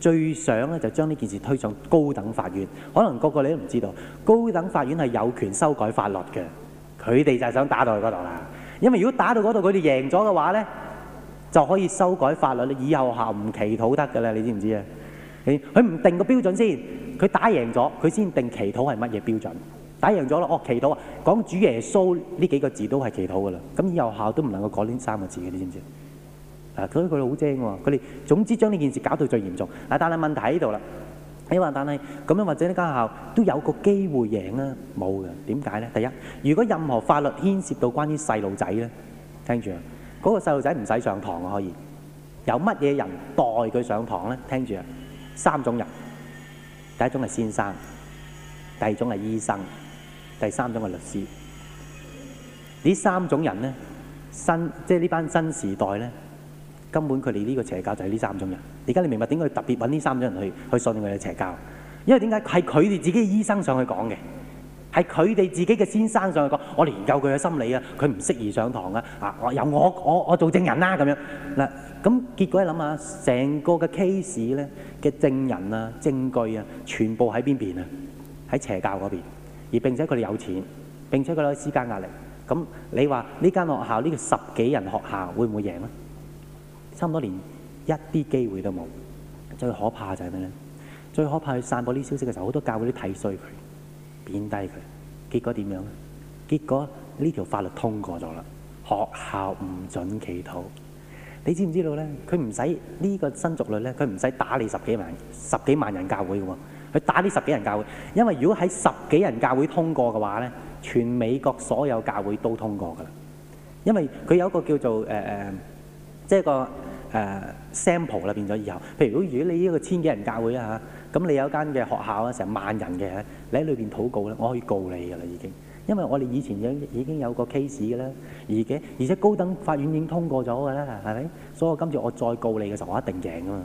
A: 最想咧就將呢件事推上高等法院，可能個個你都唔知道，高等法院係有權修改法律嘅，佢哋就係想打到去嗰度啦。因為如果打到嗰度，佢哋贏咗嘅話呢，就可以修改法律，你以後校唔祈禱得㗎喇，你知唔知啊？佢唔定個標準先，佢打贏咗，佢先定祈禱係乜嘢標準？打贏咗啦，哦祈禱，講主耶穌呢幾個字都係祈禱嘅啦，咁以後校都唔能夠講呢三個字嘅，你知唔知？佢所以佢哋好精喎，佢哋總之將呢件事搞到最嚴重。啊！但係問題喺度啦，你話但係咁樣，或者呢間校都有個機會贏啦，冇嘅。點解咧？第一，如果任何法律牽涉到關於細路仔咧，聽住啊，嗰個細路仔唔使上堂嘅，可以有乜嘢人代佢上堂咧？聽住啊，三種人。第一種係先生，第二種係醫生，第三種係律師。呢三種人咧，新即係呢班新時代咧。根本佢哋呢個邪教就係呢三種人。而家你明白點解特別揾呢三種人去去信佢哋邪教？因為點解係佢哋自己嘅醫生上去講嘅，係佢哋自己嘅先生上去講。我研究佢嘅心理啊，佢唔適宜上堂啊。啊，由我我我，我做證人啦、啊、咁樣嗱。咁結果你諗下，成個嘅 case 呢嘅證人啊、證據啊，全部喺邊邊啊？喺邪教嗰邊，而並且佢哋有錢，並且佢哋可以施加壓力。咁你話呢間學校呢、呢個十幾人學校會唔會贏呢？差唔多連一啲機會都冇，最可怕就係咩呢？最可怕去散播呢消息嘅時候，好多教會都睇衰佢，貶低佢，結果點樣呢？結果呢條法律通過咗啦，學校唔准祈禱。你知唔知道呢？佢唔使呢個新族類呢，佢唔使打你十幾萬十幾萬人教會嘅喎，佢打啲十幾人教會，因為如果喺十幾人教會通過嘅話呢，全美國所有教會都通過嘅啦。因為佢有一個叫做、呃呃即係個誒、呃、sample 啦變咗以後，譬如如果如果你呢個千幾人教會啊，咁你有一間嘅學校啊，成萬人嘅，你喺裏邊禱告咧，我可以告你噶啦已經，因為我哋以前已經有個 case 嘅啦，而嘅而且高等法院已經通過咗噶啦，係咪？所以我今次我再告你嘅時候，我一定贏啊嘛！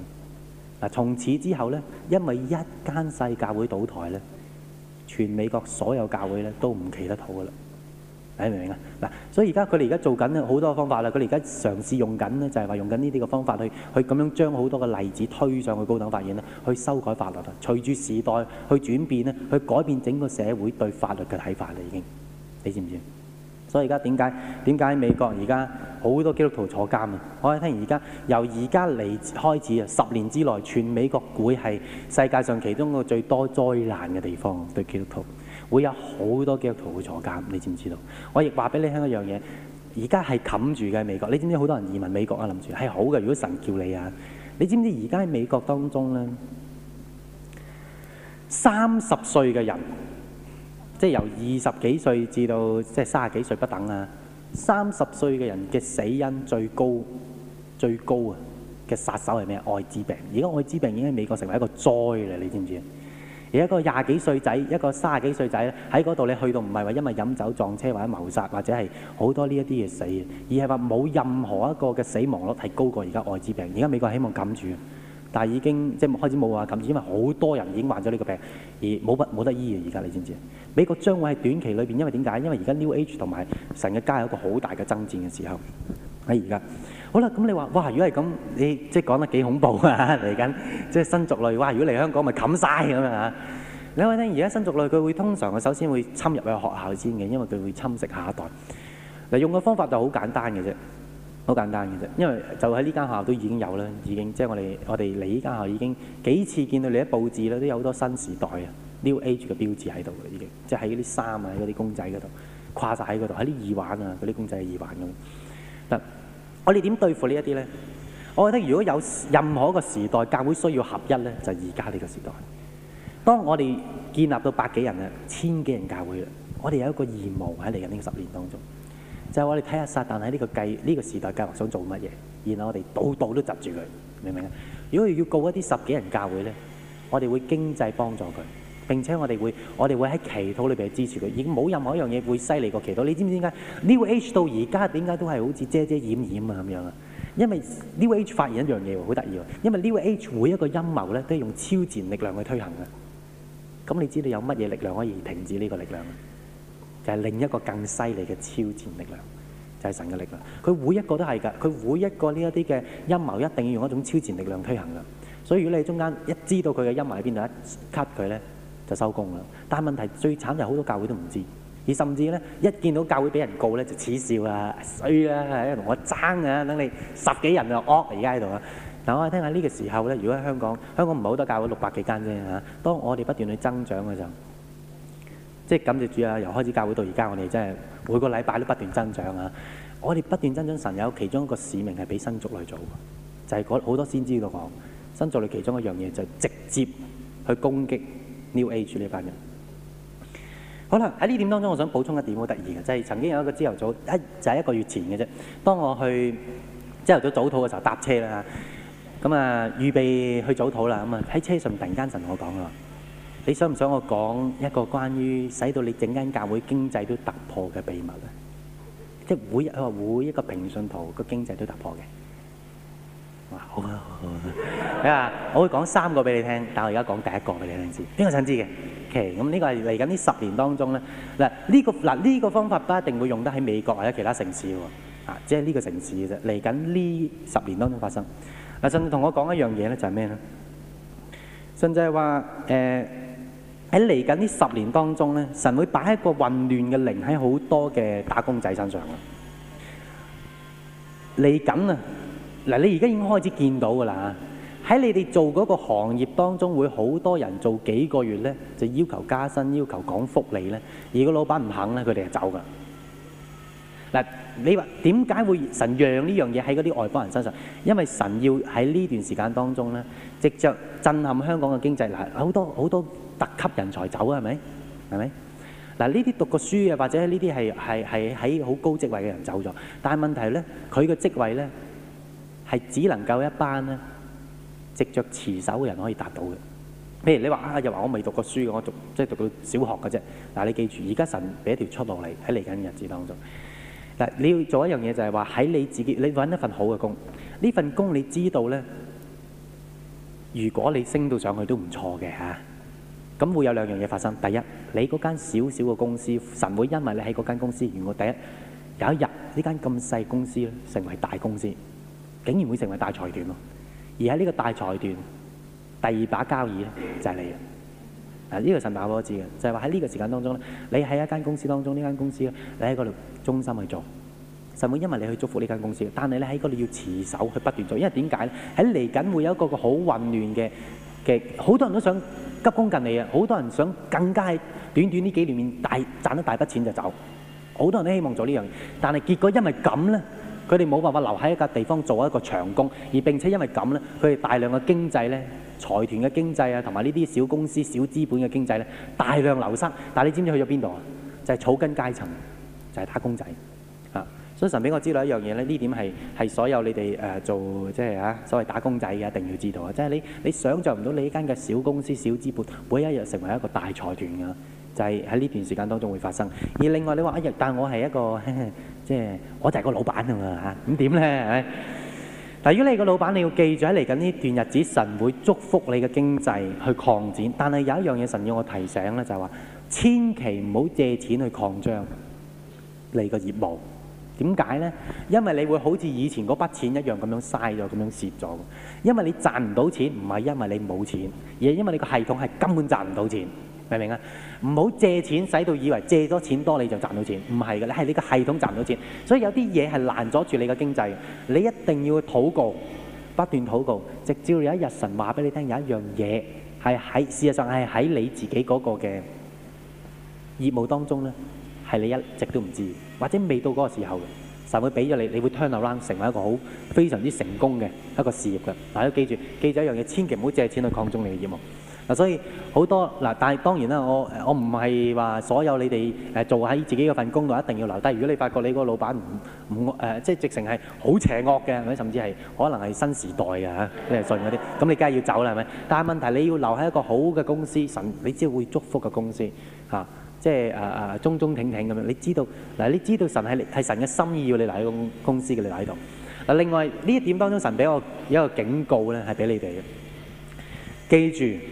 A: 嗱，從此之後咧，因為一間細教會倒台咧，全美國所有教會咧都唔企得住噶啦。你明唔明啊？嗱，所以而家佢哋而家做緊咧好多方法啦，佢哋而家嘗試用緊咧，就係話用緊呢啲嘅方法去去咁樣將好多嘅例子推上去高等法院啦，去修改法律啊，隨住時代去轉變咧，去改變整個社會對法律嘅睇法啦，已經，你知唔知？所以而家點解點解美國而家好多基督徒坐監啊？我哋聽而家由而家嚟開始啊，十年之內全美國會係世界上其中一個最多災難嘅地方對基督徒。會有好多基督徒會坐監，你知唔知道？我亦話俾你聽一樣嘢，而家係冚住嘅美國。你知唔知好多人移民美國啊？諗住係好嘅。如果神叫你啊，你知唔知而家喺美國當中咧，三十歲嘅人，即係由二十幾歲至到即係三十幾歲不等啊。三十歲嘅人嘅死因最高、最高啊嘅殺手係咩？愛滋病。而家愛滋病已經喺美國成為一個災嚟，你知唔知道？而一個廿幾歲仔，一個三十幾歲仔咧，喺嗰度你去到唔係話因為飲酒撞車或者謀殺或者係好多呢一啲嘢死，而係話冇任何一個嘅死亡率係高過而家愛滋病。而家美國希望撳住，但係已經即係開始冇話撳住，因為好多人已經患咗呢個病，而冇乜冇得醫啊！而家你知唔知？美國將會喺短期裏邊，因為點解？因為而家 New Age 同埋神嘅家有一個好大嘅爭戰嘅時候喺而家。在現在。好啦，咁你話哇，如果係咁，你即係講得幾恐怖啊？嚟緊即係新族類哇！如果嚟香港咪冚晒咁啊？你睇下而家新族類佢會通常嘅首先會侵入去學校先嘅，因為佢會侵蝕下一代。嗱，用嘅方法就好簡單嘅啫，好簡單嘅啫。因為就喺呢間學校都已經有啦，已經即係、就是、我哋我哋嚟呢間學校已經幾次見到你啲佈置啦，都有好多新時代啊，New Age 啦標誌喺度嘅已經，即係喺嗰啲衫啊、嗰啲公仔嗰度跨晒喺嗰度，喺啲耳環啊、嗰啲公仔耳環咁。嗱我哋點對付呢一啲呢？我覺得如果有任何一個時代教會需要合一呢，就係而家呢個時代。當我哋建立到百幾人啊、千幾人教會啦，我哋有一個義務喺嚟緊呢十年當中，就係我哋睇下撒旦喺呢個計呢個時代計劃想做乜嘢，然後我哋度度都窒住佢，明唔明啊？如果要告一啲十幾人教會呢，我哋會經濟幫助佢。並且我哋會，我哋會喺祈禱裏邊支持佢，已經冇任何一樣嘢會犀利過祈禱。你知唔知點解 New Age 到而家點解都係好似遮遮掩掩啊咁樣啊？因為 New Age 發現一樣嘢好得意喎。因為 New Age 每一個陰謀咧，都係用超前力量去推行啊。咁你知道有乜嘢力量可以停止呢個力量啊？就係另一個更犀利嘅超前力量，就係神嘅力量。佢每一個都係㗎，佢每一個呢一啲嘅陰謀，一定要用一種超前力量推行㗎。所以如果你中間一知道佢嘅陰謀喺邊度，一 cut 佢咧，就收工啦。但係問題最慘就係好多教會都唔知，而甚至咧一見到教會俾人告咧就恥笑啊，衰啦，啊同、哎、我爭啊，等你十幾人又惡而家喺度啊。嗱，我哋聽下呢個時候咧，如果喺香港，香港唔係好多教會六百幾間啫嚇。當我哋不斷去增長嘅時候，即係感謝主啊！由開始教會到而家，我哋真係每個禮拜都不斷增長啊。我哋不斷增長，神有其中一個使命係俾新族去做，就係嗰好多先知都講新族裏其中一樣嘢就直接去攻擊。New Age 呢班人，好啦，喺呢點當中，我想補充一點好得意嘅，就係曾經有一個朝頭早，一就係一個月前嘅啫。當我去朝頭早早禱嘅時候搭車啦，咁啊預備去早禱啦，咁啊喺車上突然間神同我講啊，你想唔想我講一個關於使到你整間教會經濟都突破嘅秘密咧？即係每日，佢話每一個平信徒個經濟都突破嘅。好啊！啊，我會講三個俾你聽，但我而家講第一個俾你聽先。邊個想知嘅？OK 咁呢個係嚟緊呢十年當中咧。嗱呢個嗱呢個方法不一定會用得喺美國或者其他城市嘅，啊，即係呢個城市嘅啫。嚟緊呢十年當中發生。嗱，神同我講一樣嘢咧，就係咩咧？神係話誒喺嚟緊呢十年當中咧，神會擺一個混亂嘅靈喺好多嘅打工仔身上嘅。嚟緊啊！嗱，你而家已經開始見到㗎啦。喺你哋做嗰個行業當中，會好多人做幾個月咧，就要求加薪、要求講福利咧。如果老闆唔肯咧，佢哋就走㗎。嗱，你話點解會神讓呢樣嘢喺嗰啲外國人身上？因為神要喺呢段時間當中咧，直著震撼香港嘅經濟。嗱，好多好多特級人才走啊，係咪？係咪？嗱，呢啲讀過書嘅，或者呢啲係係係喺好高職位嘅人走咗。但係問題咧，佢嘅職位咧。係只能夠一班咧，藉著持守嘅人可以達到嘅。譬如你話啊，又話我未讀過書嘅，我讀即係讀到小學嘅啫。嗱，你記住，而家神俾一條出路嚟喺嚟緊嘅日子當中。嗱，你要做一樣嘢就係話喺你自己，你揾一份好嘅工。呢份工你知道咧，如果你升到上去都唔錯嘅嚇。咁會有兩樣嘢發生。第一，你嗰間小小嘅公司，神會因為你喺嗰間公司，如果第一有一日呢間咁細公司咧成為大公司。竟然會成為大財團喎，而喺呢個大財團第二把交椅咧就係你嘅。嗱，呢個神畀我知嘅，就係話喺呢個時間當中咧，你喺一間公司當中，呢間公司咧，你喺嗰度中心去做，神會因為你去祝福呢間公司，但係你喺嗰度要持守去不斷做，因為點解咧？喺嚟緊會有一個好混亂嘅嘅，好多人都想急功近利啊，好多人想更加喺短短呢幾年面大賺得大筆錢就走，好多人都希望做呢樣嘢，但係結果因為咁咧。佢哋冇辦法留喺一個地方做一個長工，而並且因為咁呢，佢哋大量嘅經濟呢，財團嘅經濟啊，同埋呢啲小公司、小資本嘅經濟呢，大量流失。但係你知唔知去咗邊度啊？就係、是、草根階層，就係、是、打工仔啊！所以神俾我知道一樣嘢呢，呢點係係所有你哋誒、呃、做即係啊所謂打工仔嘅一定要知道啊！即、就、係、是、你你想象唔到你呢間嘅小公司、小資本每一日成為一個大財團㗎。就係喺呢段時間當中會發生。而另外你話啊，但係我係一個即係、就是、我就係個老闆啊嘛咁點咧？但係如果你係個老闆，你要記住喺嚟緊呢段日子，神會祝福你嘅經濟去擴展。但係有一樣嘢神要我提醒咧，就係、是、話千祈唔好借錢去擴張你個業務。點解呢？因為你會好似以前嗰筆錢一樣咁樣嘥咗，咁樣蝕咗。因為你賺唔到錢，唔係因為你冇錢，而係因為你個系統係根本賺唔到錢。明唔明啊？唔好借錢，使到以為借咗錢多你就賺到錢，唔係嘅，你係你個系統賺到錢。所以有啲嘢係攔阻住你嘅經濟，你一定要去禱告，不斷禱告，直至有一日神話俾你聽，有一樣嘢係喺事實上係喺你自己嗰個嘅業務當中呢，係你一直都唔知，或者未到嗰個時候，神會俾咗你，你會 turn around 成為一個好非常之成功嘅一個事業嘅。大家記住，記住一樣嘢，千祈唔好借錢去擴充你嘅業務。嗱，所以好多嗱，但係當然啦，我我唔係話所有你哋誒做喺自己嗰份工度一定要留低。如果你發覺你個老闆唔唔誒，即係直情係好邪惡嘅，係咪？甚至係可能係新時代嘅嚇，你係信嗰啲，咁你梗係要走啦，係咪？但係問題你要留喺一個好嘅公司，神你知道會祝福嘅公司嚇，即係誒誒中中挺挺咁樣。你知道嗱，你知道神係係神嘅心意要你留喺個公司嘅，你留喺度嗱。另外呢一點當中，神俾我有一個警告咧，係俾你哋嘅，記住。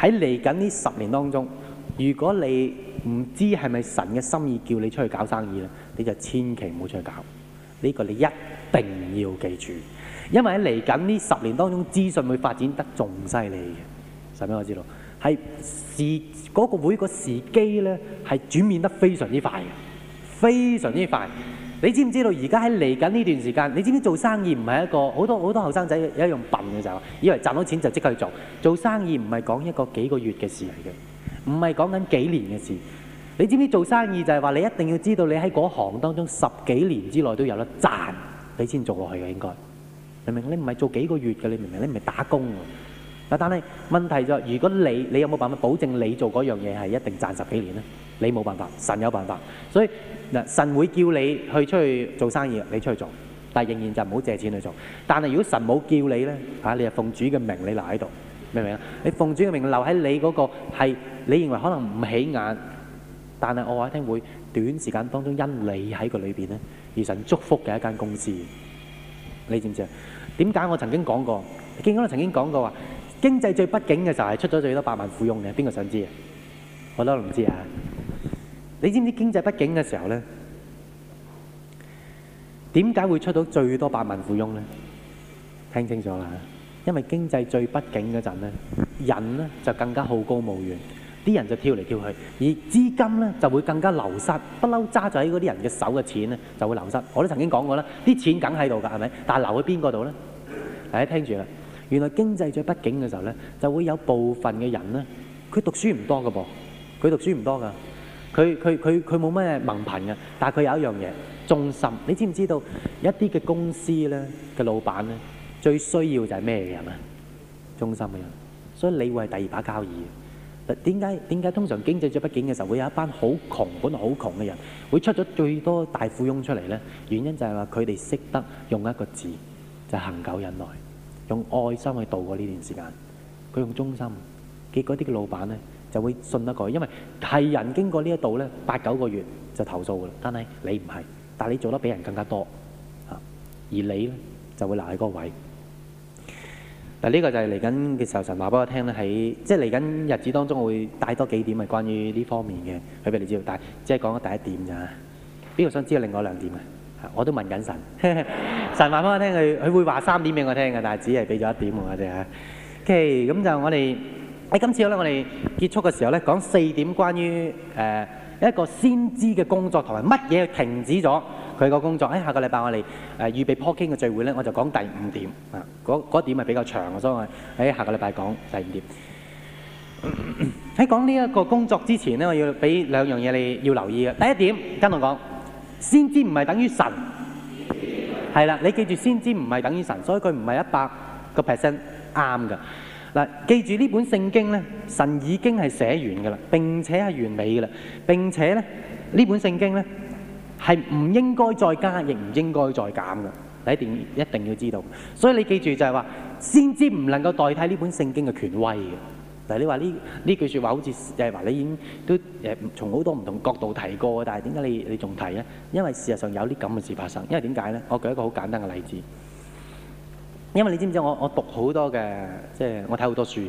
A: 喺嚟緊呢十年當中，如果你唔知係咪神嘅心意叫你出去搞生意呢，你就千祈唔好出去搞。呢個你一定要記住，因為喺嚟緊呢十年當中，資訊會發展得仲犀利嘅。係咪？我知道喺時嗰個會個時機咧，係轉變得非常之快嘅，非常之快的。你知唔知道而家喺嚟緊呢段時間？你知唔知做生意唔係一個好，多好多後生仔有一樣笨嘅就係話，以為賺到錢就即刻去做。做生意唔係講一個幾個月嘅事嚟嘅，唔係講緊幾年嘅事。你知唔知做生意就係話你一定要知道你喺嗰行當中十幾年之內都有得賺，你先做落去嘅應該。明明？你唔係做幾個月嘅，你明明？你唔係打工啊！但係問題就係，如果你你有冇辦法保證你做嗰樣嘢係一定賺十幾年呢？你冇辦法，神有辦法，所以。嗱，神會叫你去出去做生意，你出去做，但係仍然就唔好借錢去做。但係如果神冇叫你咧，嚇你就奉主嘅名，你留喺度，明唔明啊？你奉主嘅名留喺你嗰個，係你認為可能唔起眼，但係我話聽會短時間當中因你喺個裏邊咧，而神祝福嘅一間公司，你知唔知啊？點解我曾經講過？見到曾經講過話，經濟最不景嘅時候係出咗最多百萬富翁嘅，邊個想知啊？我都唔知啊！你知唔知經濟不景嘅時候呢？點解會出到最多百萬富翁呢？聽清楚啦，因為經濟最不景嗰陣呢，人呢就更加好高騖遠，啲人就跳嚟跳去，而資金呢就會更加流失，不嬲揸咗喺嗰啲人嘅手嘅錢呢就會流失。我都曾經講過啦，啲錢梗喺度㗎，係咪？但係留喺邊個度呢？大家聽住啦，原來經濟最不景嘅時候呢，就會有部分嘅人呢，佢讀書唔多㗎噃，佢讀書唔多㗎。佢佢佢冇咩文憑嘅，但係佢有一樣嘢忠心。你知唔知道一啲嘅公司呢，嘅老闆呢，最需要就係咩人咧？忠心嘅人，所以你會係第二把交椅。嗱，點解點解通常經濟最不景嘅時候會有一班好窮本來好窮嘅人會出咗最多大富翁出嚟呢？原因就係話佢哋識得用一個字，就係恆久忍耐，用愛心去度過呢段時間。佢用忠心，結果啲嘅老闆呢，就會信得過，因為係人經過呢一度咧，八九個月就投訴噶啦。但係你唔係，但係你做得比人更加多，嚇而你咧就會留喺嗰個位。嗱，呢個就係嚟緊嘅時候，神話俾我聽咧，喺即係嚟緊日子當中，會帶多幾點係關於呢方面嘅，佢俾你知道。但係只係講咗第一點咋。邊個想知道另外兩點啊？我都問緊神，神話俾我聽，佢佢會話三點俾我聽嘅，但係只係俾咗一點喎，我哋嚇。OK，咁就我哋。喺今次咧，我哋結束嘅時候咧，講四點關於誒一個先知嘅工作同埋乜嘢停止咗佢個工作。喺下個禮拜我哋誒預備破經嘅聚會咧，我就講第五點啊，嗰嗰點係比較長啊，所以我喺下個禮拜講第五點。喺講呢一個工作之前咧，我要俾兩樣嘢你要留意嘅。第一點，跟住我講，先知唔係等於神，係啦，你記住先知唔係等於神，所以佢唔係一百個 percent 啱㗎。嗱，記住呢本聖經呢，神已經係寫完嘅啦，並且係完美嘅啦，並且呢，呢本聖經呢，係唔應該再加，亦唔應該再減嘅。第一定一定要知道。因為你知唔知我我讀好多嘅，即係，我睇好多書，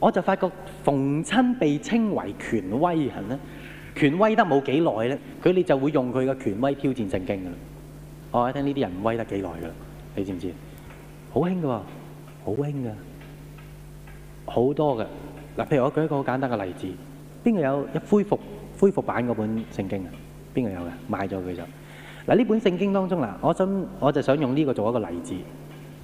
A: 我就發覺逢親被稱為權威人咧，權威得冇幾耐咧，佢哋就會用佢嘅權威挑戰聖經噶啦。我一聽呢啲人威得幾耐噶啦？你知唔知？好興噶，好興噶，好多嘅嗱。譬如我舉一個好簡單嘅例子，邊個有一恢復恢復版嗰本聖經啊？邊個有嘅，買咗佢就嗱，呢本聖經當中嗱，我想我就想用呢個做一個例子。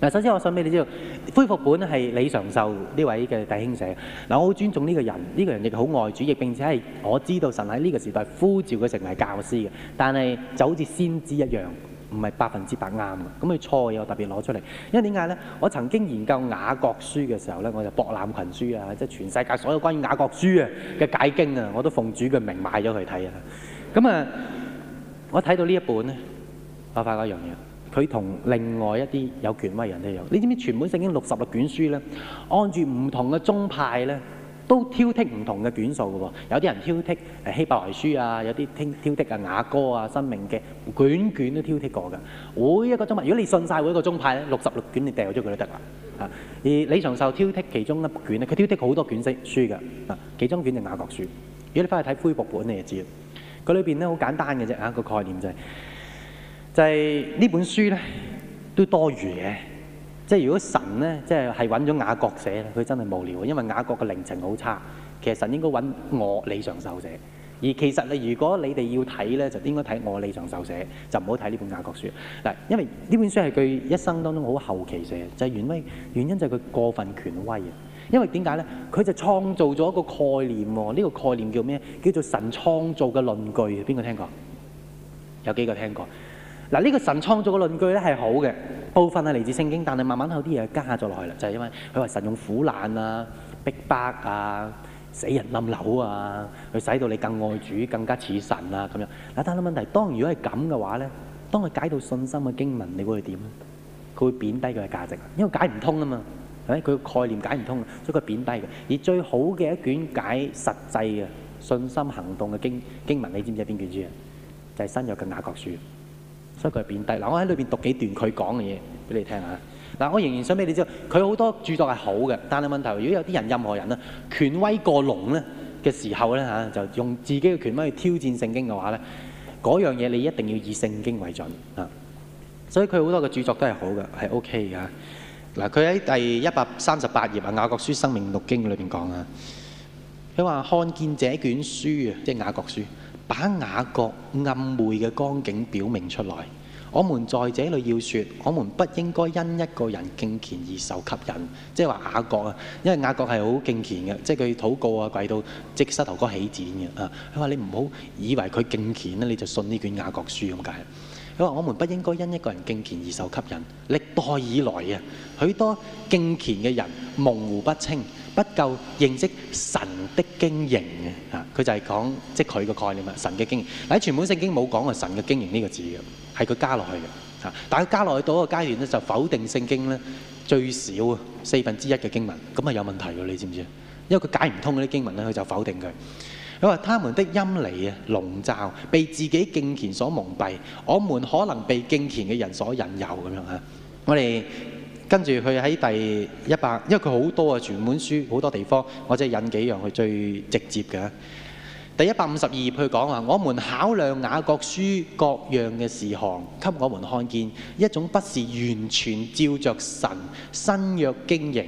A: 嗱，首先我想俾你知道，恢復本係李常受呢位嘅弟兄寫。嗱，我好尊重呢個人，呢個人亦好愛主，亦並且係我知道神喺呢個時代呼召佢成為教師嘅。但係就好似先知一樣，唔係百分之百啱嘅。咁佢錯嘢，我特別攞出嚟。因為點解呢？我曾經研究雅各書嘅時候呢，我就博覽群書啊，即係全世界所有關於雅各書啊嘅解經啊，我都奉主嘅名買咗佢睇啊。咁啊，我睇到呢一本呢，我發覺一樣嘢。佢同另外一啲有權威人都有，你知唔知全本聖經六十六卷書咧？按住唔同嘅宗派咧，都挑剔唔同嘅卷數嘅喎。有啲人挑剔誒希伯來書啊，有啲挑挑剔啊雅歌啊、新命嘅卷，卷卷都挑剔過嘅。每一個宗派，如果你信晒，每一個宗派咧，六十六卷你掉咗佢都得啦。啊，而李常受挑剔其中一卷咧，佢挑剔好多卷式書嘅啊，其中一卷就雅各書。如果你翻去睇恢復本，你就知啦。佢裏邊咧好簡單嘅啫，一個概念就係。就係呢本書咧都多餘嘅，即係如果神咧即係係揾咗雅各寫，佢真係無聊嘅，因為雅各嘅靈性好差。其實神應該揾我李常受寫，而其實你如果你哋要睇咧，就應該睇我李常受寫，就唔好睇呢本雅各書嗱，因為呢本書係佢一生當中好後期寫，就係原因，原因就係佢過分權威啊。因為點解咧？佢就創造咗一個概念喎，呢個概念叫咩？叫做神創造嘅論據，邊個聽過？有幾個聽過？嗱，呢個神創造嘅論據咧係好嘅，部分係嚟自聖經，但係慢慢後啲嘢加咗落去啦，就係因為佢話神用苦難啊、逼迫啊、死人冧樓啊，去使到你更愛主、更加似神啊咁樣。嗱，但係問題，當如果係咁嘅話咧，當佢解到信心嘅經文，你會點咧？佢會貶低佢嘅價值，因為解唔通啊嘛。係咪佢概念解唔通，所以佢貶低佢。而最好嘅一卷解實際嘅信心行動嘅經經文，你知唔知係邊卷書啊？就係新約嘅雅各書。所以佢係貶低嗱，我喺裏邊讀幾段佢講嘅嘢俾你聽吓！嗱，我仍然想俾你知道，佢好多著作係好嘅，但係問題是，如果有啲人，任何人咧，權威過龍咧嘅時候呢，嚇，就用自己嘅權威去挑戰聖經嘅話呢，嗰樣嘢你一定要以聖經為準啊！所以佢好多嘅著作都係好嘅，係 OK 㗎。嗱，佢喺第一百三十八頁啊，《雅各書生命讀經》裏邊講啊，佢話看見這卷書啊，即係《雅各書》。把雅各暗昧嘅光景表明出來。我們在這裡要說，我們不應該因一個人敬虔而受吸引。即係話雅各啊，因為雅各係好敬虔嘅，即係佢禱告啊，跪到即膝頭哥起展嘅啊。佢話你唔好以為佢敬虔咧，你就信呢卷雅各書咁解。佢話我們不應該因一個人敬虔而受吸引。歷代以來啊，許多敬虔嘅人模糊不清。不夠認識神的經營嘅，啊，佢就係講即係佢個概念啊，神嘅經營。喺全本聖經冇講啊神嘅經營呢個字嘅，係佢加落去嘅，啊，但係佢加落去到一個階段咧，就否定聖經咧，最少啊四分之一嘅經文，咁啊有問題㗎，你知唔知啊？因為佢解唔通嗰啲經文咧，佢就否定佢。佢話他們的陰離啊，籠罩，被自己敬虔所蒙蔽，我們可能被敬虔嘅人所引誘咁樣啊。我哋。跟住佢喺第一百，因為佢好多啊，全本書好多地方，我只係引幾樣佢最直接嘅。第一百五十二頁佢講話，我們考量雅各書各樣嘅事項，給我們看見一種不是完全照着神新約經營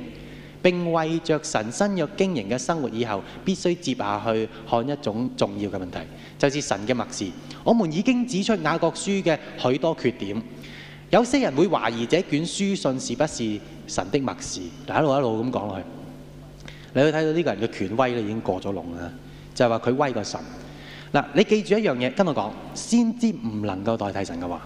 A: 並為着神新約經營嘅生活以後必須接下去看一種重要嘅問題，就是神嘅默示。我們已經指出雅各書嘅許多缺點。有些人會懷疑這卷書信是不是神的默示。嗱，一路一路咁講落去，你會睇到呢個人嘅權威咧已經過咗籠啦，就係話佢威過神嗱。你記住一樣嘢，跟我講，先知唔能夠代替神嘅話。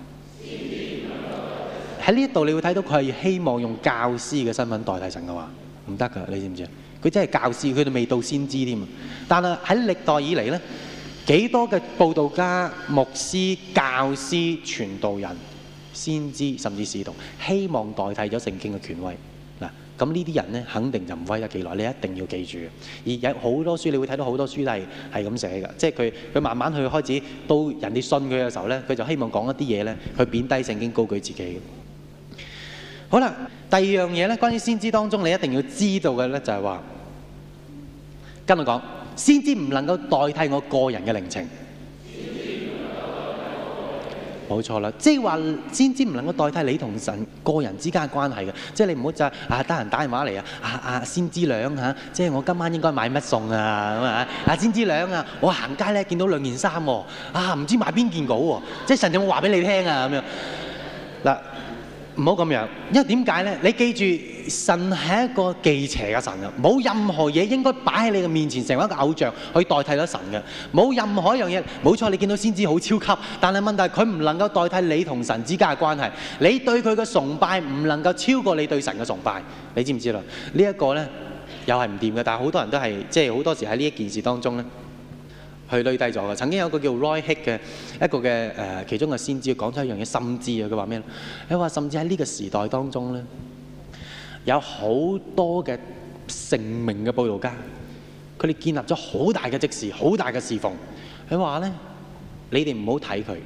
A: 喺呢度，你會睇到佢係希望用教師嘅身份代替神嘅話，唔得㗎。你知唔知啊？佢真係教師，佢哋未到先知添。但係喺歷代以嚟呢，幾多嘅佈道家、牧師、教師、傳道人？先知甚至試圖希望代替咗聖經嘅權威嗱，咁呢啲人呢，肯定就唔威得幾耐，你一定要記住。而有好多書，你會睇到好多書都係係咁寫嘅，即係佢佢慢慢去開始到人哋信佢嘅時候呢，佢就希望講一啲嘢呢，去貶低聖經，高舉自己。好啦，第二樣嘢呢，關於先知當中你一定要知道嘅呢，就係話，跟我講，先知唔能夠代替我個人嘅靈情。冇錯啦，即係話先知唔能夠代替你同神個人之間嘅關係嘅，即係你唔好就係啊得閒打電話嚟啊啊啊先知兩嚇，即係我今晚應該買乜餸啊咁啊啊先知兩啊，我行街咧見到兩件衫喎，啊唔知買邊件好喎，即係神有冇話俾你聽啊咁樣嗱？啊唔好咁樣，因為點解呢？你記住，神係一個忌邪嘅神啊！冇任何嘢應該擺喺你嘅面前，成為一個偶像，去代替咗神嘅。冇任何一樣嘢，冇錯，你見到先知好超級，但係問題係佢唔能夠代替你同神之間嘅關係。你對佢嘅崇拜唔能夠超過你對神嘅崇拜，你知唔知啦？呢、這、一個呢，又係唔掂嘅，但係好多人都係即係好多時喺呢一件事當中呢。去累低咗嘅，曾經有一個叫 Roy Hick 嘅一個嘅誒、呃，其中嘅先知講出一樣嘢，甚至啊，佢話咩咧？佢話甚至喺呢個時代當中咧，有好多嘅成名嘅佈道家，佢哋建立咗好大嘅職事，好大嘅侍奉。佢話咧，你哋唔好睇佢，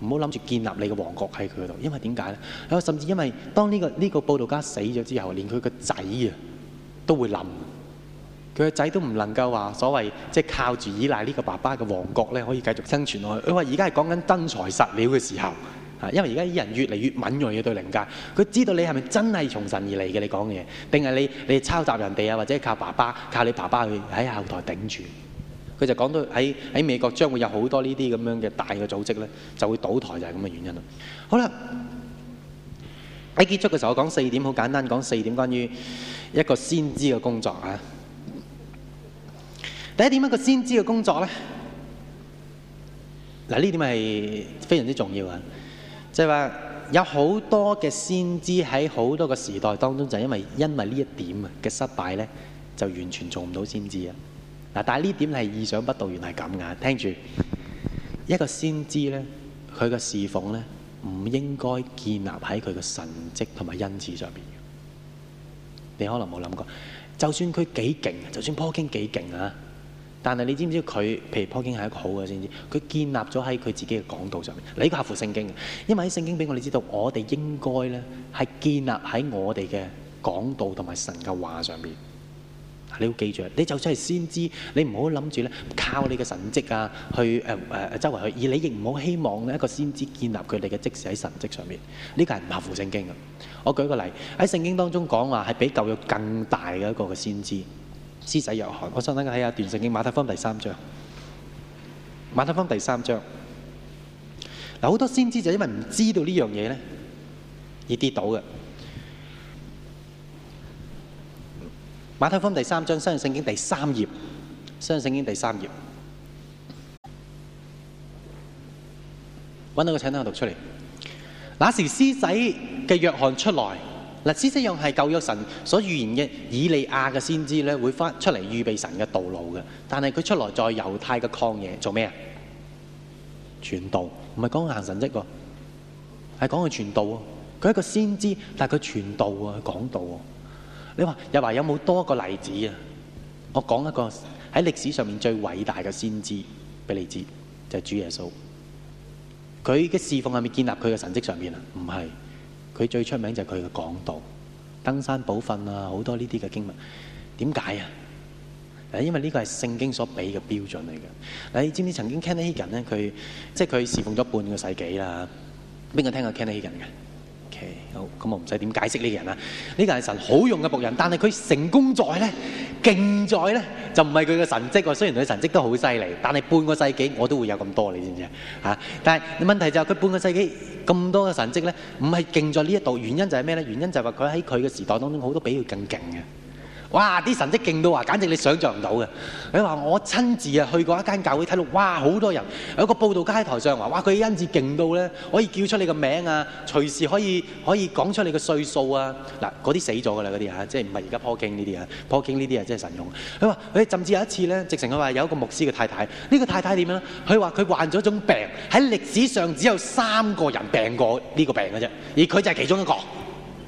A: 唔好諗住建立你嘅王國喺佢度，因為點解咧？啊，佢話甚至因為當呢、呢個呢、呢個佈道家死咗之後，連佢個仔啊都會冧。佢個仔都唔能夠話所謂即係靠住依賴呢個爸爸嘅王國咧，可以繼續生存落去。佢話：而家係講緊真材實料嘅時候啊，因為而家啲人越嚟越敏銳嘅對靈界，佢知道你係咪真係從神而嚟嘅？你講嘢定係你你抄襲人哋啊？或者靠爸爸靠你爸爸去喺後台頂住？佢就講到喺喺美國將會有好多呢啲咁樣嘅大嘅組織咧，就會倒台，就係咁嘅原因啦。好啦，喺結束嘅時候，我講四點，好簡單，講四點關於一個先知嘅工作啊。第一點，一個先知嘅工作咧，嗱，呢點係非常之重要啊！即係話有好多嘅先知喺好多個時代當中，就因為因為呢一點啊嘅失敗咧，就完全做唔到先知啊！嗱，但係呢點係意想不到，原來係咁噶。聽住，一個先知咧，佢嘅侍奉咧，唔應該建立喺佢嘅神蹟同埋恩賜上邊。你可能冇諗過，就算佢幾勁啊，就算波經幾勁啊！但係你知唔知佢？譬如波經係一個好嘅先知，佢建立咗喺佢自己嘅講道上面。你、這個合乎聖經嘅，因為喺聖經俾我哋知道，我哋應該咧係建立喺我哋嘅講道同埋神嘅話上面。你要記住，你就算係先知，你唔好諗住咧靠你嘅神跡啊，去誒誒、呃呃、周圍去，而你亦唔好希望咧一個先知建立佢哋嘅職事喺神跡上面。呢、這個係唔合乎聖經嘅。我舉個例喺聖經當中講話，係比舊約更大嘅一個嘅先知。施洗約翰，我想等我睇下段聖經馬太福音第三章。馬太福音第三章，嗱，好多先知就因為唔知道呢樣嘢咧，而跌倒嘅。馬太福音第三章，新約聖經第三頁，新約聖經第三頁，揾到個請單我讀出嚟。那時，施洗嘅約翰出來。歷史上係舊約神所預言嘅以利亞嘅先知會出嚟預備神嘅道路嘅。但係佢出嚟在猶太嘅曠野做咩啊？傳道，唔係講行神迹喎，係講佢傳道，佢是一個先知，但係佢傳道啊，講道啊。你話又話有冇有多一個例子啊？我講一個喺歷史上面最偉大嘅先知俾你知，就係主耶穌。佢嘅侍奉係咪建立佢嘅神迹上面啊？唔係。佢最出名就係佢嘅講道、登山寶訓啊，好多呢啲嘅經文。點解啊？誒，因為呢個係聖經所俾嘅標準嚟嘅。你知唔知道曾經 Kenneth Hagin 咧？佢即係佢侍奉咗半個世紀啦。邊個聽過 Kenneth Hagin 嘅？好，咁我唔使點解釋呢個人啦。呢個係神好用嘅僕人，但係佢成功在呢，勁在呢，就唔係佢嘅神蹟。雖然佢神蹟都好犀利，但係半個世紀我都會有咁多你知唔知啊？但係問題就係佢半個世紀咁多嘅神蹟呢，唔係勁在呢一度，原因就係咩呢？原因就係話佢喺佢嘅時代當中，好多比佢更勁嘅。哇！啲神跡勁到啊，簡直你想像唔到嘅。佢話：我親自啊去過一間教會，睇到哇，好多人。有一個佈道家喺台上話：哇佢恩賜勁到咧，可以叫出你個名啊，隨時可以可以講出你嘅歲數啊。嗱，嗰啲死咗㗎啦，嗰啲啊，即係唔係而家破驚呢啲啊？破驚呢啲啊，真係神用。佢話：佢甚至有一次咧，直情佢話有一個牧師嘅太太，呢個太太點樣啊？佢話佢患咗一種病，喺歷史上只有三個人病過呢個病嘅啫，而佢就係其中一個。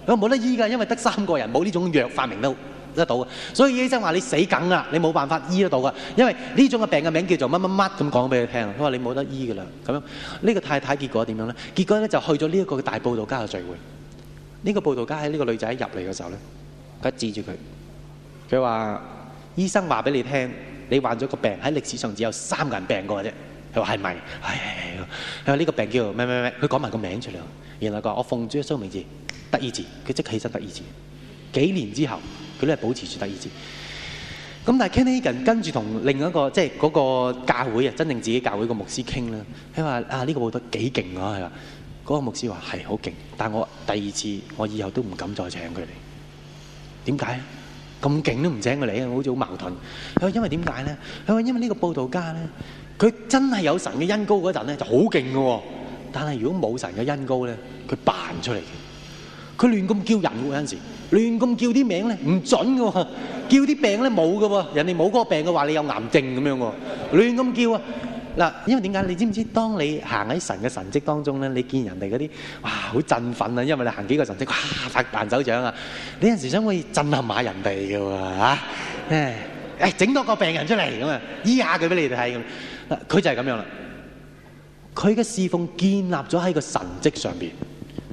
A: 佢冇得醫㗎，因為得三個人，冇呢種藥發明都。得到嘅，所以醫生話你死梗啦，你冇辦法醫得到噶，因為呢種嘅病嘅名叫做乜乜乜，咁講俾佢聽。佢話你冇得醫噶啦，咁樣呢個太太結果點樣咧？結果咧就去咗呢一個大佈道家嘅聚會。呢個佈道家喺呢個女仔入嚟嘅時候咧，佢指住佢，佢話：醫生話俾你聽，你患咗個病喺歷史上只有三個人病過嘅啫。佢話係咪？係。佢話呢個病叫咩咩咩？佢講埋個名出嚟。然後佢話我奉主耶穌的名字，得醫治，佢即起身得醫治。幾年之後。佢咧保持住第二次。咁但係 Kenan 跟住同另一個即係嗰個教會啊，真正自己教會個牧師傾啦，佢話啊呢個報道幾勁啊。係話嗰個牧師話係好勁，但係我第二次我以後都唔敢再請佢嚟。點解？咁勁都唔請佢嚟啊，好似好矛盾。佢話因為點解咧？佢話因為呢個報道家咧，佢真係有神嘅恩膏嗰陣咧就好勁嘅喎，但係如果冇神嘅恩膏咧，佢扮出嚟嘅，佢亂咁叫人嗰陣時。亂咁叫啲名咧唔准喎、啊！叫啲病咧冇喎！人哋冇嗰個病嘅話，你有癌症咁樣喎、啊，亂咁叫啊！嗱，因為點解你知唔知？當你行喺神嘅神蹟當中咧，你見人哋嗰啲哇好振奮啊！因為你行幾個神蹟，哇，發彈手掌啊！你有陣時想會震撼下人哋㗎喎，吓，誒，整多個病人出嚟咁啊，醫下佢俾你哋睇，佢就係咁樣啦。佢嘅侍奉建立咗喺個神蹟上邊，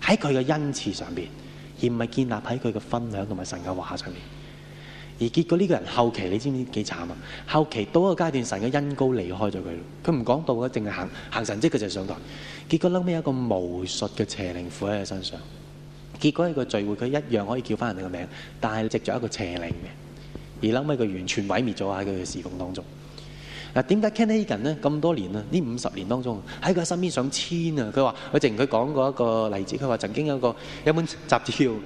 A: 喺佢嘅恩賜上邊。而唔係建立喺佢嘅分享同埋神嘅話上面，而結果呢個人後期你知唔知幾慘啊？後期到一個階段，神嘅恩膏離開咗佢，佢唔講道嘅，淨係行行神蹟，佢就上台。結果後尾有一個巫術嘅邪靈附喺佢身上。結果喺個聚會佢一樣可以叫翻人哋嘅名，但係藉著一個邪靈嘅，而後尾，佢完全毀滅咗喺佢嘅侍奉當中。嗱，點解 Hagin 呢？咁多年啊？呢五十年當中，喺佢身邊上千啊！佢話，佢曾佢講過一個例子，佢話曾經有一個有本雜誌叫《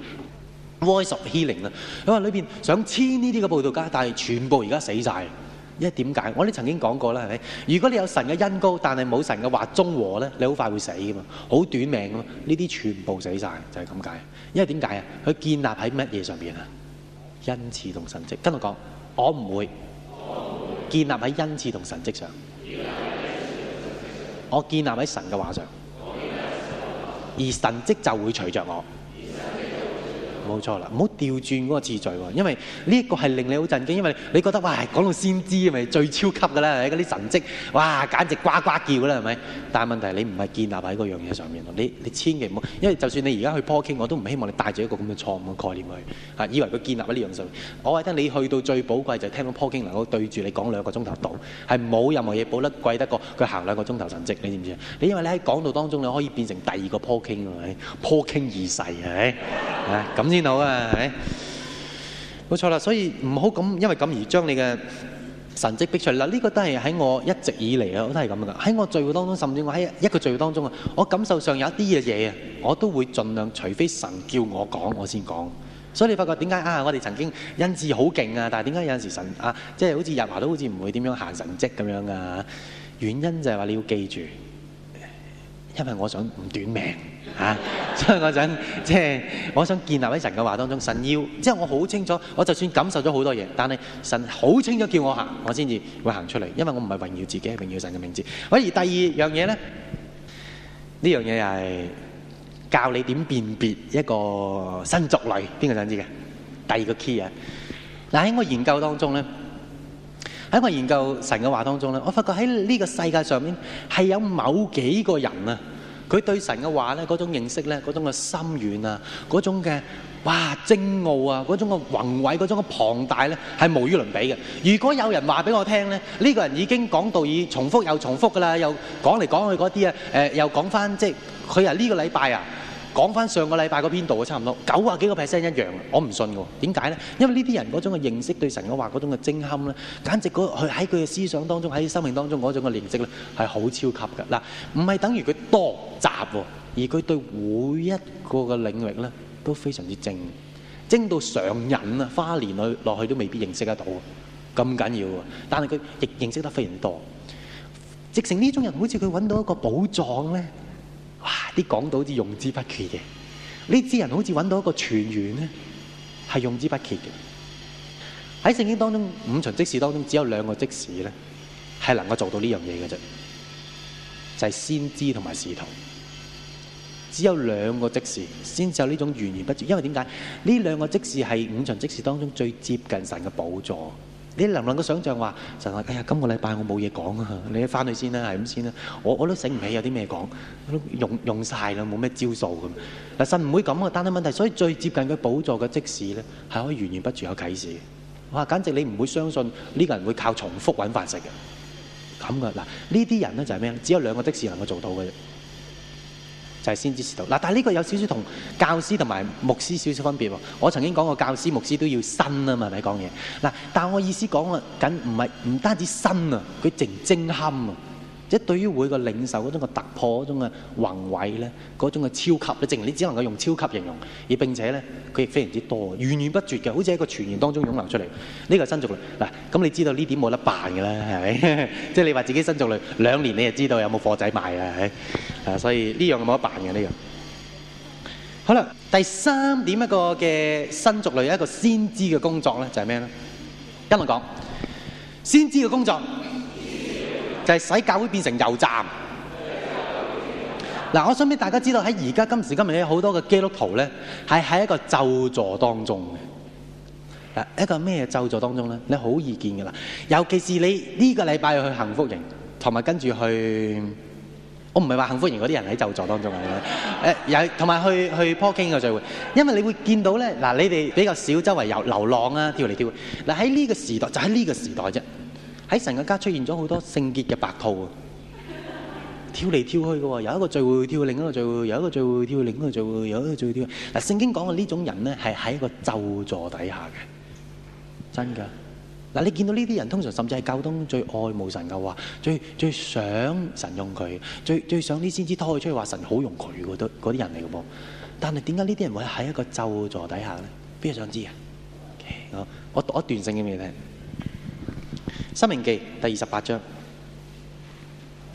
A: Voice of Healing》啊。佢話裏邊上千呢啲嘅佈道家，但係全部而家死晒。因為點解？我哋曾經講過啦，係咪？如果你有神嘅恩膏，但係冇神嘅話中和咧，你好快會死㗎嘛，好短命㗎嘛。呢啲全部死晒，就係咁解。因為點解啊？佢建立喺乜嘢上邊啊？恩賜同神跡。跟我講，我唔會。建立喺恩賜同神跡上，我建立喺神嘅話上，而神跡就會隨着我。冇錯啦，唔好調轉嗰個次序喎，因為呢一個係令你好震驚，因為你覺得哇，講到先知係咪最超級噶啦，嗰啲神蹟哇，簡直呱呱叫噶啦，係咪？但係問題是你唔係建立喺嗰樣嘢上面咯，你你千祈唔好，因為就算你而家去 Paul King，我都唔希望你帶住一個咁嘅錯誤嘅概念去，係以為佢建立喺呢樣上面。我覺得你去到最寶貴就係聽到 Paul King 能夠對住你講兩個鐘頭到，係冇任何嘢寶得貴得過佢行兩個鐘頭神蹟，你知唔知啊？你因為你喺講道當中你可以變成第二個 Paul King，係咪？Paul King 二世係。啊。咁先好啊，係冇錯啦，所以唔好咁因為咁而將你嘅神蹟逼出嚟啦。呢個都係喺我一直以嚟啊，都係咁噶。喺我聚會當中，甚至我喺一個聚會當中啊，我感受上有一啲嘅嘢啊，我都會盡量，除非神叫我講，我先講。所以你發覺點解啊？我哋曾經恩賜好勁啊，但係點解有陣時神啊，即係好似日華都好似唔會點樣行神蹟咁樣啊？原因就係話你要記住。因為我想唔短命吓、啊，所以我想即係、就是、我想建立喺神嘅話當中神要，即、就、係、是、我好清楚，我就算感受咗好多嘢，但係神好清楚叫我行，我先至會行出嚟，因為我唔係榮耀自己，係榮耀神嘅名字。而，第二樣嘢咧，呢樣嘢係教你點辨別一個新族類，邊個想知嘅？第二個 key 啊，嗱喺我研究當中咧。喺我研究神嘅話當中咧，我發覺喺呢個世界上面係有某幾個人啊，佢對神嘅話咧嗰種認識咧，嗰種嘅深遠啊，嗰種嘅哇精奧啊，嗰種嘅宏偉，嗰種嘅龐大咧，係無與倫比嘅。如果有人話俾我聽咧，呢個人已經講道義，重複又重複㗎喇，又講嚟講去嗰啲啊，誒又講返即係佢啊呢個禮拜啊，講翻上個禮拜嗰篇道啊，差唔多九啊幾個 percent 一樣，我唔信嘅。點解呢？因為呢啲人嗰種嘅認識對神嘅話嗰種嘅精堪呢，簡直佢喺佢嘅思想當中，喺生命當中嗰種嘅認識呢，係好超級嘅。嗱，唔係等於佢多雜喎，而佢對每一個嘅領域呢，都非常之精，精到上癮啊！花年去落去都未必認識得到，咁緊要喎。但係佢亦認識得非常多，直情呢種人好似佢揾到一個寶藏呢。哇！啲講到好似用之不竭嘅，呢啲人好似揾到一個泉源咧，係用之不竭嘅。喺聖經當中，五旬職事當中只有兩個職事咧，係能夠做到呢樣嘢嘅啫，就係、是、先知同埋使徒。只有兩個職事先有呢種源源不絕，因為點解呢兩個職事係五旬職事當中最接近神嘅寶座。你能唔能夠想象話神話？哎呀，今個禮拜我冇嘢講啊，你返去先啦，係咁先啦。我我都醒唔起有啲咩講，我都用用曬啦，冇咩招數咁。嗱，神唔會咁啊，單單問題。所以最接近佢寶座嘅即士咧，係可以源源不絕有啟示嘅。哇，簡直你唔會相信呢個人會靠重複揾飯食嘅，咁嘅，嗱，呢啲人咧就係咩？只有兩個的士能夠做到嘅。就係、是、先知、使徒。但這呢個有少少同教師同埋牧師少少分別喎。我曾經講過，教師牧師都要新啊嘛，講嘢，但我的意思講緊唔係唔單止新啊，佢淨精堪啊。即係對於每個領袖嗰種嘅突破，嗰種嘅宏偉咧，嗰種嘅超級咧，正如你只能夠用超級形容，而並且咧，佢亦非常之多，源源不絕嘅，好似喺一個泉源當中湧流出嚟。呢、這個新族類嗱，咁你知道呢點冇得辦嘅啦，係咪？ 即係你話自己新族類兩年，你就知道有冇貨仔賣啦，係，所以呢樣冇得辦嘅呢樣。好啦，第三點一個嘅新族類有一個先知嘅工作咧，就係咩咧？一路講先知嘅工作。就係、是、使教會變成油站。嗱， 我想俾大家知道喺而家今時今日有好多嘅基督徒咧，係喺一個咒詛當中嘅。啊，一個咩咒詛當中咧？你好易見嘅啦。尤其是你呢、這個禮拜去幸福營，同埋跟住去，我唔係話幸福營嗰啲人喺咒詛當中嘅。誒、 啊，同埋去去 p o k i n g 嘅聚會，因為你會見到咧。嗱，你哋比較少周圍遊流浪啊，跳嚟跳去。嗱，喺呢個時代就喺呢個時代啫。喺神嘅家出現咗好多聖潔嘅白兔啊，跳嚟跳去嘅喎，有一個聚會跳去另一個聚會，有一個聚會跳去另一個聚會，有一個聚會跳去。嗱，聖經講嘅呢種人咧，係喺一個咒座底下嘅，真噶。嗱，你見到呢啲人通常甚至係教宗最愛慕神嘅話，最最想神用佢，最最想呢先知拖佢出去話神好用佢嗰啲嗰啲人嚟嘅噃。但係點解呢啲人會喺一個咒座底下咧？邊個想知啊？我、okay, 我讀一段聖經畀你聽。《生命記》第二十八章，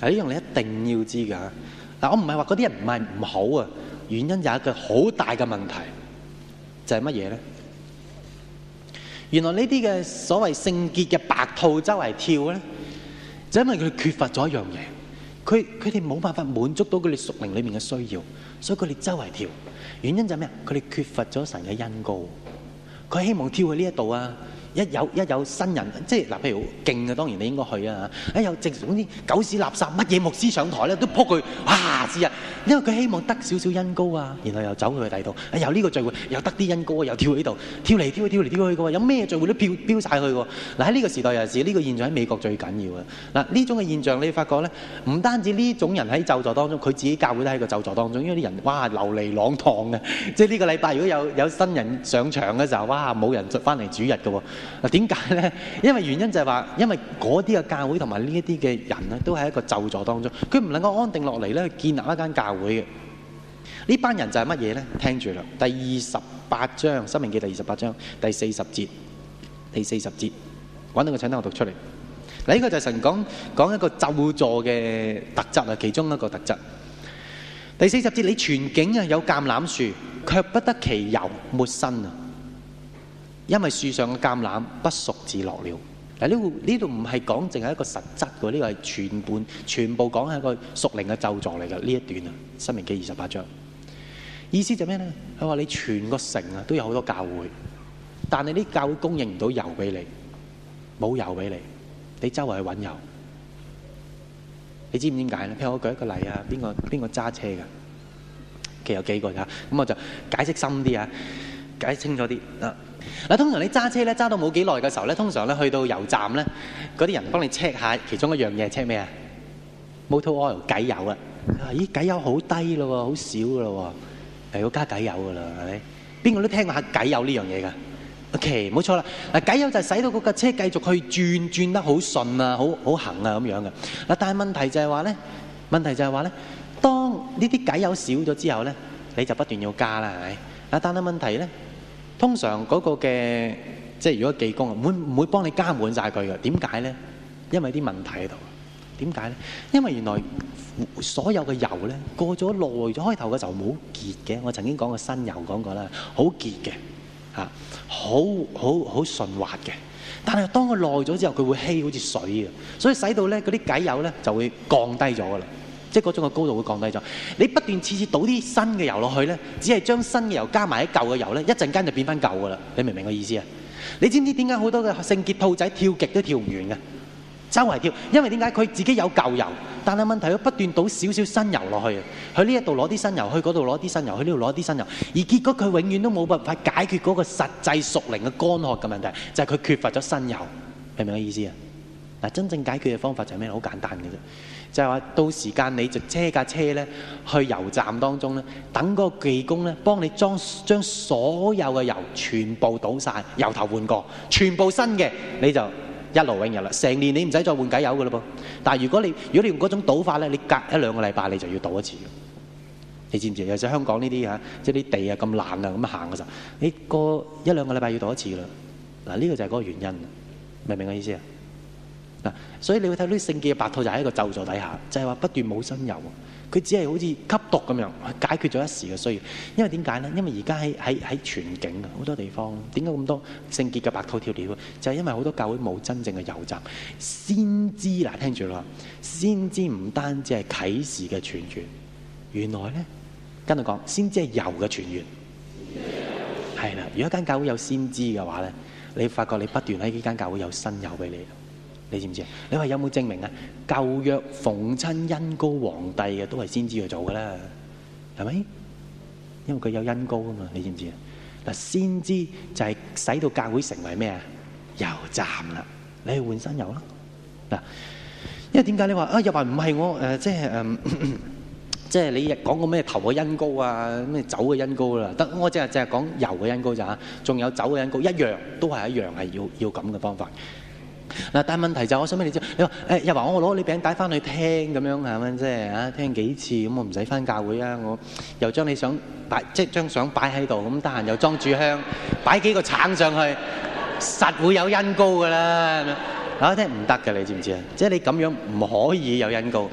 A: 嗱呢樣你一定要知嘅。嗱，我唔係話嗰啲人唔係唔好啊，原因有一個好大嘅問題，就係乜嘢咧？原來呢啲嘅所謂聖潔嘅白兔周圍跳咧，就因為佢哋缺乏咗一樣嘢，佢佢哋冇辦法滿足到佢哋屬靈裏面嘅需要，所以佢哋周圍跳。原因就係咩啊？佢哋缺乏咗神嘅恩膏，佢希望跳去呢一度啊！一有一有新人，即係嗱，譬如好勁啊，當然你應該去啊！一有直嗰啲狗屎垃圾，乜嘢牧師上台咧，都撲佢哇！是日，因為佢希望得少少恩膏啊，然後又走去第度。又、啊、呢個聚會又得啲恩膏、啊，又跳喺度，跳嚟跳，跳，跳去跳嚟跳去嘅喎，有咩聚會都飆晒曬去喎。嗱喺呢個時代又是呢個現象喺美國最緊要的啊！嗱呢種嘅現象，你發覺咧，唔單止呢種人喺咒詛當中，佢自己教會都喺個咒詛當中，因為啲人哇流離浪蕩嘅，即係呢個禮拜如果有有新人上場嘅時候，哇冇人翻嚟主日嘅喎。嗱，點解咧？因為原因就係話，因為嗰啲嘅教會同埋呢一啲嘅人咧，都係一個咒詛當中，佢唔能夠安定落嚟咧，去建立一間教會。呢班人就係乜嘢咧？聽住啦，第二十八章《申命記》第二十八章第四十節，第四十節，揾到個請等我讀出嚟。嗱，呢個就係神講講一個咒詛嘅特質啊，其中一個特質。第四十節，你全境啊，有橄欖樹，卻不得其油，抹身啊！因為樹上嘅橄欖不熟自落了。嗱，呢度呢度唔係講淨係一個實質嘅，呢個係全盤全部講係一個屬靈嘅咒詛嚟嘅呢一段啊，《申命記》二十八章。意思就咩咧？佢話你全個城啊都有好多教會，但係啲教會供應唔到油俾你，冇油俾你，你周圍去揾油。你知唔知點解咧？譬如我舉一個例啊，邊個邊個揸車㗎？其實有幾個㗎。咁我就解釋深啲啊，解釋清楚啲啊。嗱，通常你揸車咧，揸到冇幾耐嘅時候咧，通常咧去到油站咧，嗰啲人幫你 check 下其中一樣嘢，check 咩啊？Motor oil 機油啦，啊，咦機油好低咯，好少噶咯，係要加機油噶啦，係咪？邊個都聽過下機油呢樣嘢噶？OK，冇錯啦，嗱，機油就係使到嗰架車繼續去轉轉得好順啊，好好行啊咁樣嘅。嗱，啊，但係問題就係話咧，問題就係話咧，當呢啲機油少咗之後咧，你就不斷要加啦，係咪？啊，但係問題咧。通常嗰個嘅，即係如果技工啊，唔會唔會幫你加滿晒佢嘅？點解咧？因為啲問題喺度，點解咧？因為原來所有嘅油咧，過咗耐咗，開頭嘅時候冇結嘅。我曾經講過新油講過啦，好結嘅嚇，好好好順滑嘅。但係當佢耐咗之後，佢會稀，好似水啊，所以使到咧嗰啲解油咧就會降低咗噶啦。即係嗰種嘅高度會降低咗。你不斷次次倒啲新嘅油落去呢，只係將新嘅油加埋喺舊嘅油呢，一陣間就變翻舊㗎啦。你明唔明個意思啊？你知唔知點解好多嘅聖潔兔仔跳極都跳唔完嘅？周圍跳，因為點解佢自己有舊油，但係問題佢不斷倒少少新油落去。佢呢一度攞啲新油，去嗰度攞啲新油，去呢度攞啲新油，而結果佢永遠都冇辦法解決嗰個實際熟齡嘅乾涸嘅問題，就係佢缺乏咗新油。你明唔明個意思啊？嗱，真正解決嘅方法就係咩？好簡單嘅啫。就係、是、話到時間你就車架車咧去油站當中咧，等嗰個技工咧幫你裝將所有嘅油全部倒晒，由頭換過，全部新嘅你就一勞永逸啦。成年你唔使再換機油㗎嘞噃。但係如果你如果你用嗰種倒法咧，你隔一兩個禮拜你就要倒一次。你知唔知？尤其香港呢啲呀，即係啲地啊咁爛啊咁行嘅時候，你過一兩個禮拜要倒一次啦。嗱、這、呢個就係嗰個原因，明唔明我意思啊？所以你會睇到聖潔嘅白兔，就喺一個咒座底下，就係話不斷冇新油。佢只係好似吸毒咁樣解決咗一時嘅需要。因為點解呢？因為而家喺喺喺全景啊，好多地方點解咁多聖潔嘅白兔跳了？就係因為好多教會冇真正嘅油站。先知嗱，聽住啦，先知唔單止係啟示嘅傳員，原來呢，跟佢講，先知係油嘅傳員，係啦。如果間教會有先知嘅話呢，你發覺你不斷喺呢間教會有新油俾你。你知唔知啊？你話有冇證明啊？舊約逢親恩膏皇帝嘅都係先知去做噶啦，係咪？因為佢有恩膏啊嘛，你知唔知啊？嗱，先知就係使到教會成為咩啊？油站啦，你去換新油啦。嗱，因為點解你話啊？又話唔係我誒、呃，即係誒、呃，即係你講個咩頭嘅恩膏啊？咩酒嘅恩膏啦、啊？得我淨係淨係講油嘅恩膏咋？仲有酒嘅恩膏一樣，都係一樣係要要咁嘅方法。嗱，但問題就我想俾你知，你話誒、欸、又話我攞你餅帶翻去聽咁樣係咪啫？啊，聽幾次咁我唔使翻教會啊！我又將你想擺即將相擺喺度，咁得閒又裝住香，擺幾個橙上去，實會有恩膏噶啦！啊，我聽唔得嘅你知唔知啊？即係你咁樣唔可以有恩膏，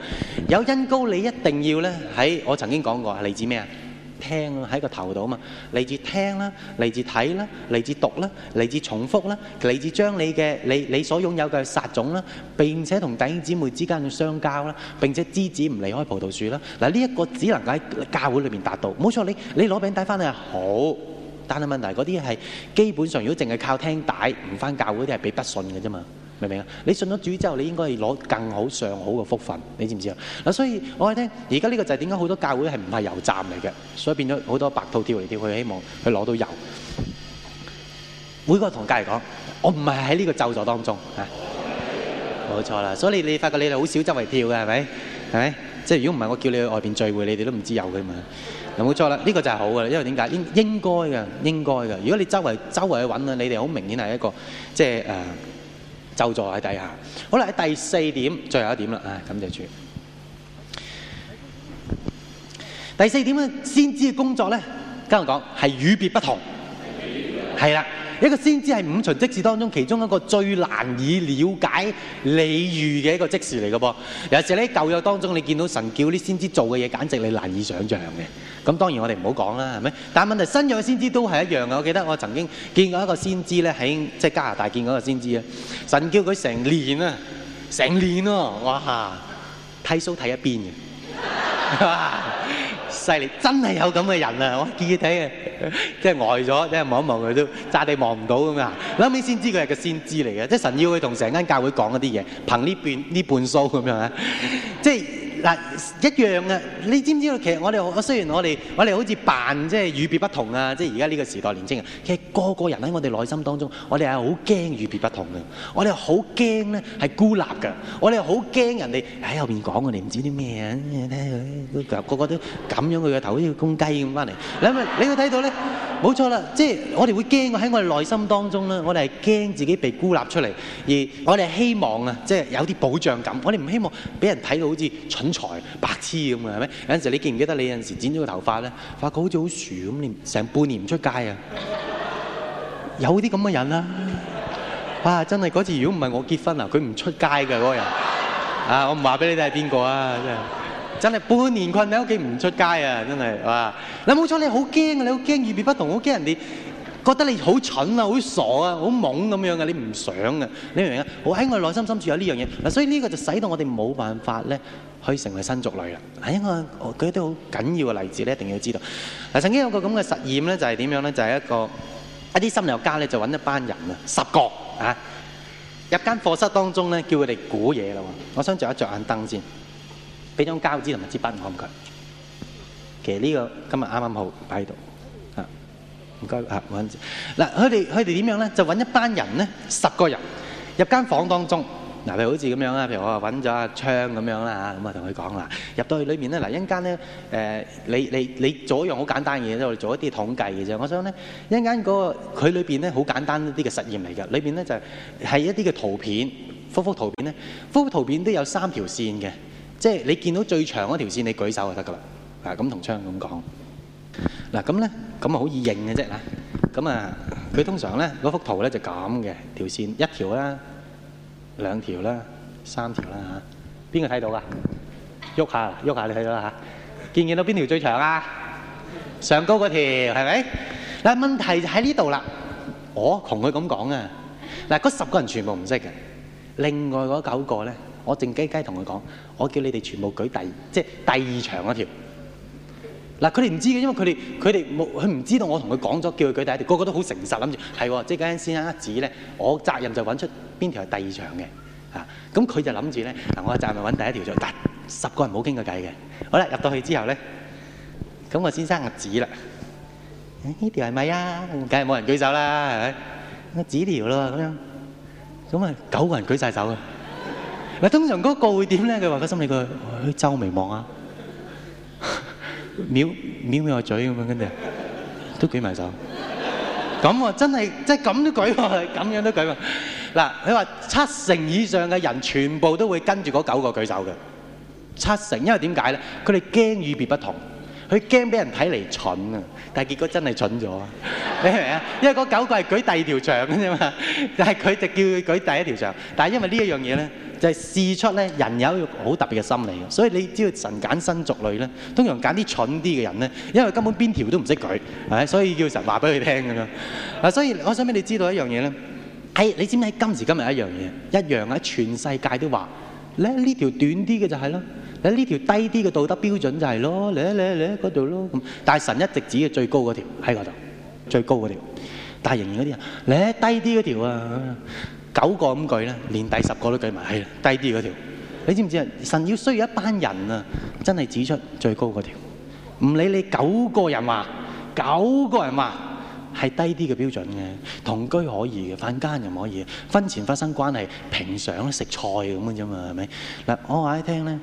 A: 有恩膏你一定要咧喺我曾經講過，係嚟自咩啊？聽喺個頭度嘛，嚟自聽啦，嚟自睇啦，嚟自讀啦，嚟自重複啦，嚟自將你嘅你你所擁有嘅撒種啦，並且同弟兄姊妹之間嘅相交啦，並且枝子唔離開葡萄樹啦。嗱，呢一個只能夠喺教會裏面達到。冇錯，你你攞餅帶翻嚟係好，但係問題嗰啲係基本上如果淨係靠聽帶唔翻教會嗰啲係俾不信嘅啫嘛。明唔明啊？你信咗主之後，你應該攞更好、上好嘅福分，你知唔知啊？嗱，所以我喺聽，而家呢個就係點解好多教會係唔係油站嚟嘅，所以變咗好多白兔跳嚟跳去，希望去攞到油。每個同屆嚟講，我唔係喺呢個咒詛當中嚇，冇、啊、錯啦。所以你你發覺你哋好少周圍跳嘅係咪？係咪？即係如果唔係我叫你去外邊聚會，你哋都唔知道有嘅嘛。嗱，冇錯啦，呢、這個就係好嘅，因為點解應應該嘅應該嘅。如果你周圍周圍去揾啊，你哋好明顯係一個即係誒。呃就座喺底下。好啦，第四點，最後一點啦，啊，感謝主。第四點咧，先知嘅工作咧，跟我講係與別不同，係啦，一個先知係五旬職事當中其中一個最難以了解、理喻嘅一個職事嚟嘅噃。有時咧，舊約當中你見到神叫啲先知做嘅嘢，簡直你難以想象嘅。咁當然我哋唔好講啦，係咪？但係問題新約先知都係一樣嘅。我記得我曾經見過一個先知咧，喺即係加拿大見過一個先知啊，神叫佢成年啊，成年咯，我話嚇睇 show 睇一邊嘅，哇！犀利，真係有咁嘅人啊！我見佢睇嘅，即係呆咗，即係望一望佢都咋地望唔到咁啊！諗起先知佢係個先知嚟嘅，即係神要佢同成間教會講嗰啲嘢，憑呢邊呢半 show 咁樣，即係。嗱，一樣嘅，你知唔知道？其實我哋我，雖然我哋我哋好似扮即係與別不同啊！即係而家呢個時代年輕人，其實個個人喺我哋內心當中，我哋係好驚與別不同嘅。我哋好驚咧，係孤立㗎。我哋好驚人哋喺後面講嘅，你唔知啲咩嘢咧？個個都咁樣，佢個頭好似公雞咁翻嚟。你咪，你會睇到咧，冇錯啦！即係我哋會驚喺我哋內心當中咧，我哋係驚自己被孤立出嚟，而我哋希望啊，即係有啲保障感。我哋唔希望俾人睇到好似蠢，才白痴咁嘅係咪？有陣時你記唔記得你有陣時剪咗個頭髮咧，發覺好似好薯咁，你成半年唔出街啊！有啲咁嘅人啦、啊，啊，真係嗰次如果唔係我結婚啊，佢唔出街嘅嗰個人啊，我唔話俾你聽係邊個啊！真係真係半年困喺屋企唔出街啊！真係啊，嘛？嗱冇錯，你好驚啊！你好驚與別不同，好驚人哋覺得你好蠢啊、好傻啊、好懵咁樣嘅，你唔想嘅、啊，你明唔明啊？我喺我內心深處有呢樣嘢嗱，所以呢個就使到我哋冇辦法咧。可以成為新族類啦！嗱，應該我舉啲好緊要嘅例子咧，一定要知道。曾經有個咁嘅實驗咧，就係點樣咧？就係一個一啲心理學家咧，就揾一班人啊，十個啊，入間課室當中咧，叫佢哋估嘢啦。我想着一着眼燈先，俾張膠紙同埋支筆我咁佢。其實呢個今日啱啱好擺喺度啊，唔該啊，冇揾住。佢哋佢哋點樣咧？就揾一班人咧，十個人入間房當中。嗱，譬如好似咁樣啦，譬如我啊揾咗阿昌咁樣啦，咁啊同佢講啦，入到去裏面咧，嗱，一陣間咧，誒你你你做一樣好簡單嘅嘢，即係我哋做一啲統計嘅啫。我想咧一陣間嗰個佢裏邊咧好簡單一啲嘅實驗嚟嘅，裏邊咧就係係一啲嘅圖片，幅幅圖片咧幅幅圖片都有三條線嘅，即係你見到最長嗰條線，你舉手就得㗎啦。啊，咁同昌咁講。嗱，咁咧咁啊好易認嘅啫啦。咁啊，佢通常咧嗰幅圖咧就咁嘅條線一條啦。兩條啦，三條啦嚇，邊個睇到噶？喐下啦，喐下你睇到啦嚇，見唔見到邊條最長啊？上高嗰條係咪？嗱，問題就喺呢度啦。我同佢咁講啊，嗱，嗰十個人全部唔識嘅，另外嗰九個咧，我靜雞雞同佢講，我叫你哋全部舉第二，即係第二長嗰條。嗱，佢哋唔知嘅，因為佢哋佢哋冇，佢唔知道我同佢講咗，叫佢舉第一條，個個都好誠實，諗住係喎，即係嗰陣先生一指咧，我責任就揾出邊條係第二長嘅，啊，咁佢就諗住咧，嗱，我一陣咪揾第一條啫，但十個人冇傾過計嘅，好啦，入到去之後咧，咁個先生就指啦，呢條係咪啊？梗係冇人舉手啦，係咪？嗰紙條咯，咁樣，咁啊九個人舉晒手嘅，嗱，通常嗰個會點咧？佢話佢心裏佢周眉望啊。藐藐個嘴咁樣，跟住都舉埋手，咁啊真係即係咁都舉喎，咁樣都舉喎。嗱，你話七成以上嘅人全部都會跟住嗰九個舉手嘅，七成，因為點解咧？佢哋驚與別不同，佢驚俾人睇嚟蠢啊，但係結果真係蠢咗啊！你明唔明啊？因為嗰九個係舉第二條牆嘅啫嘛，但係佢就叫佢舉第一條牆，但係因為呢一樣嘢咧。就係、是、試出咧，人有一個好特別嘅心理，所以你知道神揀新族類咧，通常揀啲蠢啲嘅人咧，因為根本邊條都唔識舉，係咪？所以叫神話俾佢聽㗎啦。嗱，所以我想俾你知道一樣嘢咧，係、哎、你知唔知喺今時今日一樣嘢，一樣喺全世界都話咧呢條短啲嘅就係、是、咯，咧呢條低啲嘅道德標準就係、是、咯，你嚟嚟喺嗰度咯。但係神一直指嘅最高嗰條喺嗰度，最高嗰條，但係仍然嗰啲人咧低啲嗰條啊。九個咁舉咧，連第十個都舉埋，係低啲嗰條。你知唔知啊？神要需要一班人啊，真係指出最高嗰條。唔理你九個人話，九個人話係低啲嘅標準嘅，同居可以嘅，犯奸又唔可以，婚前發生關係，平常食菜咁嘅啫嘛，係咪？嗱，我話你聽咧，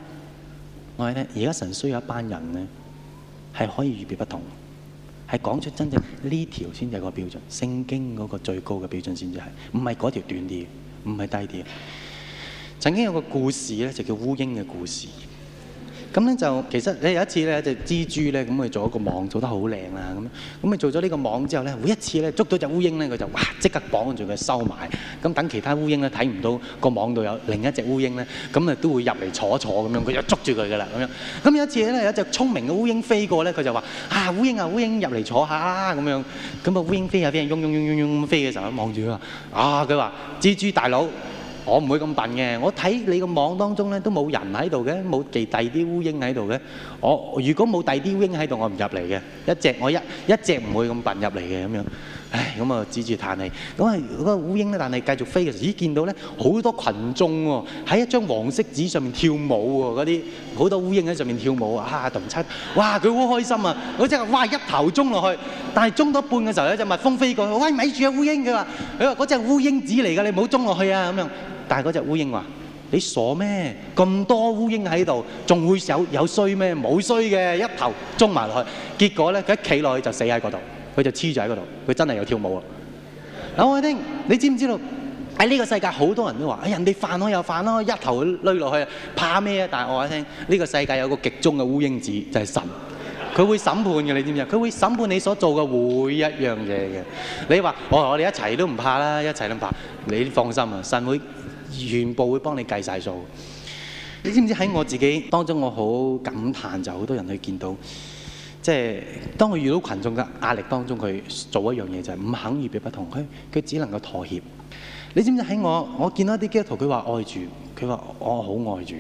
A: 我話你聽，而家神需要一班人咧，係可以與別不同。係講出真正呢條先係個標準，聖經嗰個最高嘅標準先至係，唔係嗰條短啲，唔係低啲。曾經有個故事呢就叫烏鷹嘅故事。咁就其實你有一次，隻蜘蛛呢，咁佢做一個網做得好靚啦。咁做咗呢個網之後呢，每一次捉到隻烏蠅呢，佢就哇即刻綁住佢收埋。咁等其他烏蠅看睇唔到個網度有另一隻烏蠅呢，咁都會入嚟坐一坐咁樣，佢就捉住佢㗎喇。咁有一次咧，有一隻聰明嘅烏蠅飛過咧，佢就話，啊烏蠅啊烏蠅入嚟坐下啦咁樣。咁啊烏蠅飛飛嗡嗡嗡嗡嗡咁飛嘅時候，望住佢話，啊佢話蜘蛛大佬，我唔會咁笨嘅，我睇你個網當中咧都冇人喺度嘅，冇第第啲烏蠅喺度嘅。我如果冇第啲烏蠅喺度，我唔入嚟嘅。一隻我一一隻唔會咁笨入嚟嘅咁樣。唉，咁啊指住嘆氣。咁啊嗰個烏蠅咧，但係繼續飛嘅時，咦見到咧好多羣眾喎，喺一張黃色紙上面跳舞喎，嗰啲好多烏蠅喺上面跳舞啊，嚇戙出，哇佢好開心啊，嗰隻哇一頭衝落去，但係衝到半嘅時候，有隻蜜蜂飛過去，喂咪住啊烏蠅，佢話佢話嗰隻烏蠅紙嚟㗎，你唔好衝落去啊咁樣。但係嗰隻烏蠅話：你傻咩？咁多烏蠅喺度，仲會有有衰咩？冇衰嘅，一頭裝埋落去。結果咧，佢一企落去就死喺嗰度，佢就黐咗喺嗰度。佢真係有跳舞啊！我話你聽，你知唔知道喺呢個世界好多人都話：人哋犯我又犯啦，一頭攣落去，怕咩啊？但係我話你聽，呢個世界有個極中嘅烏蠅子，就係神，佢會審判嘅，你知唔知佢會審判你所做嘅每一樣嘢嘅。你話我同我哋一齊都唔怕啦，一齊都怕。你放心啊，神會。全部會幫你計晒數。你知唔知喺我自己當中，我好感嘆，就好多人去見到，即係當我遇到群眾嘅壓力當中，佢做一樣嘢就係唔肯與別不同，佢只能夠妥協。你知唔知喺我？我見到一啲基督徒，佢話愛主，佢話我好愛主，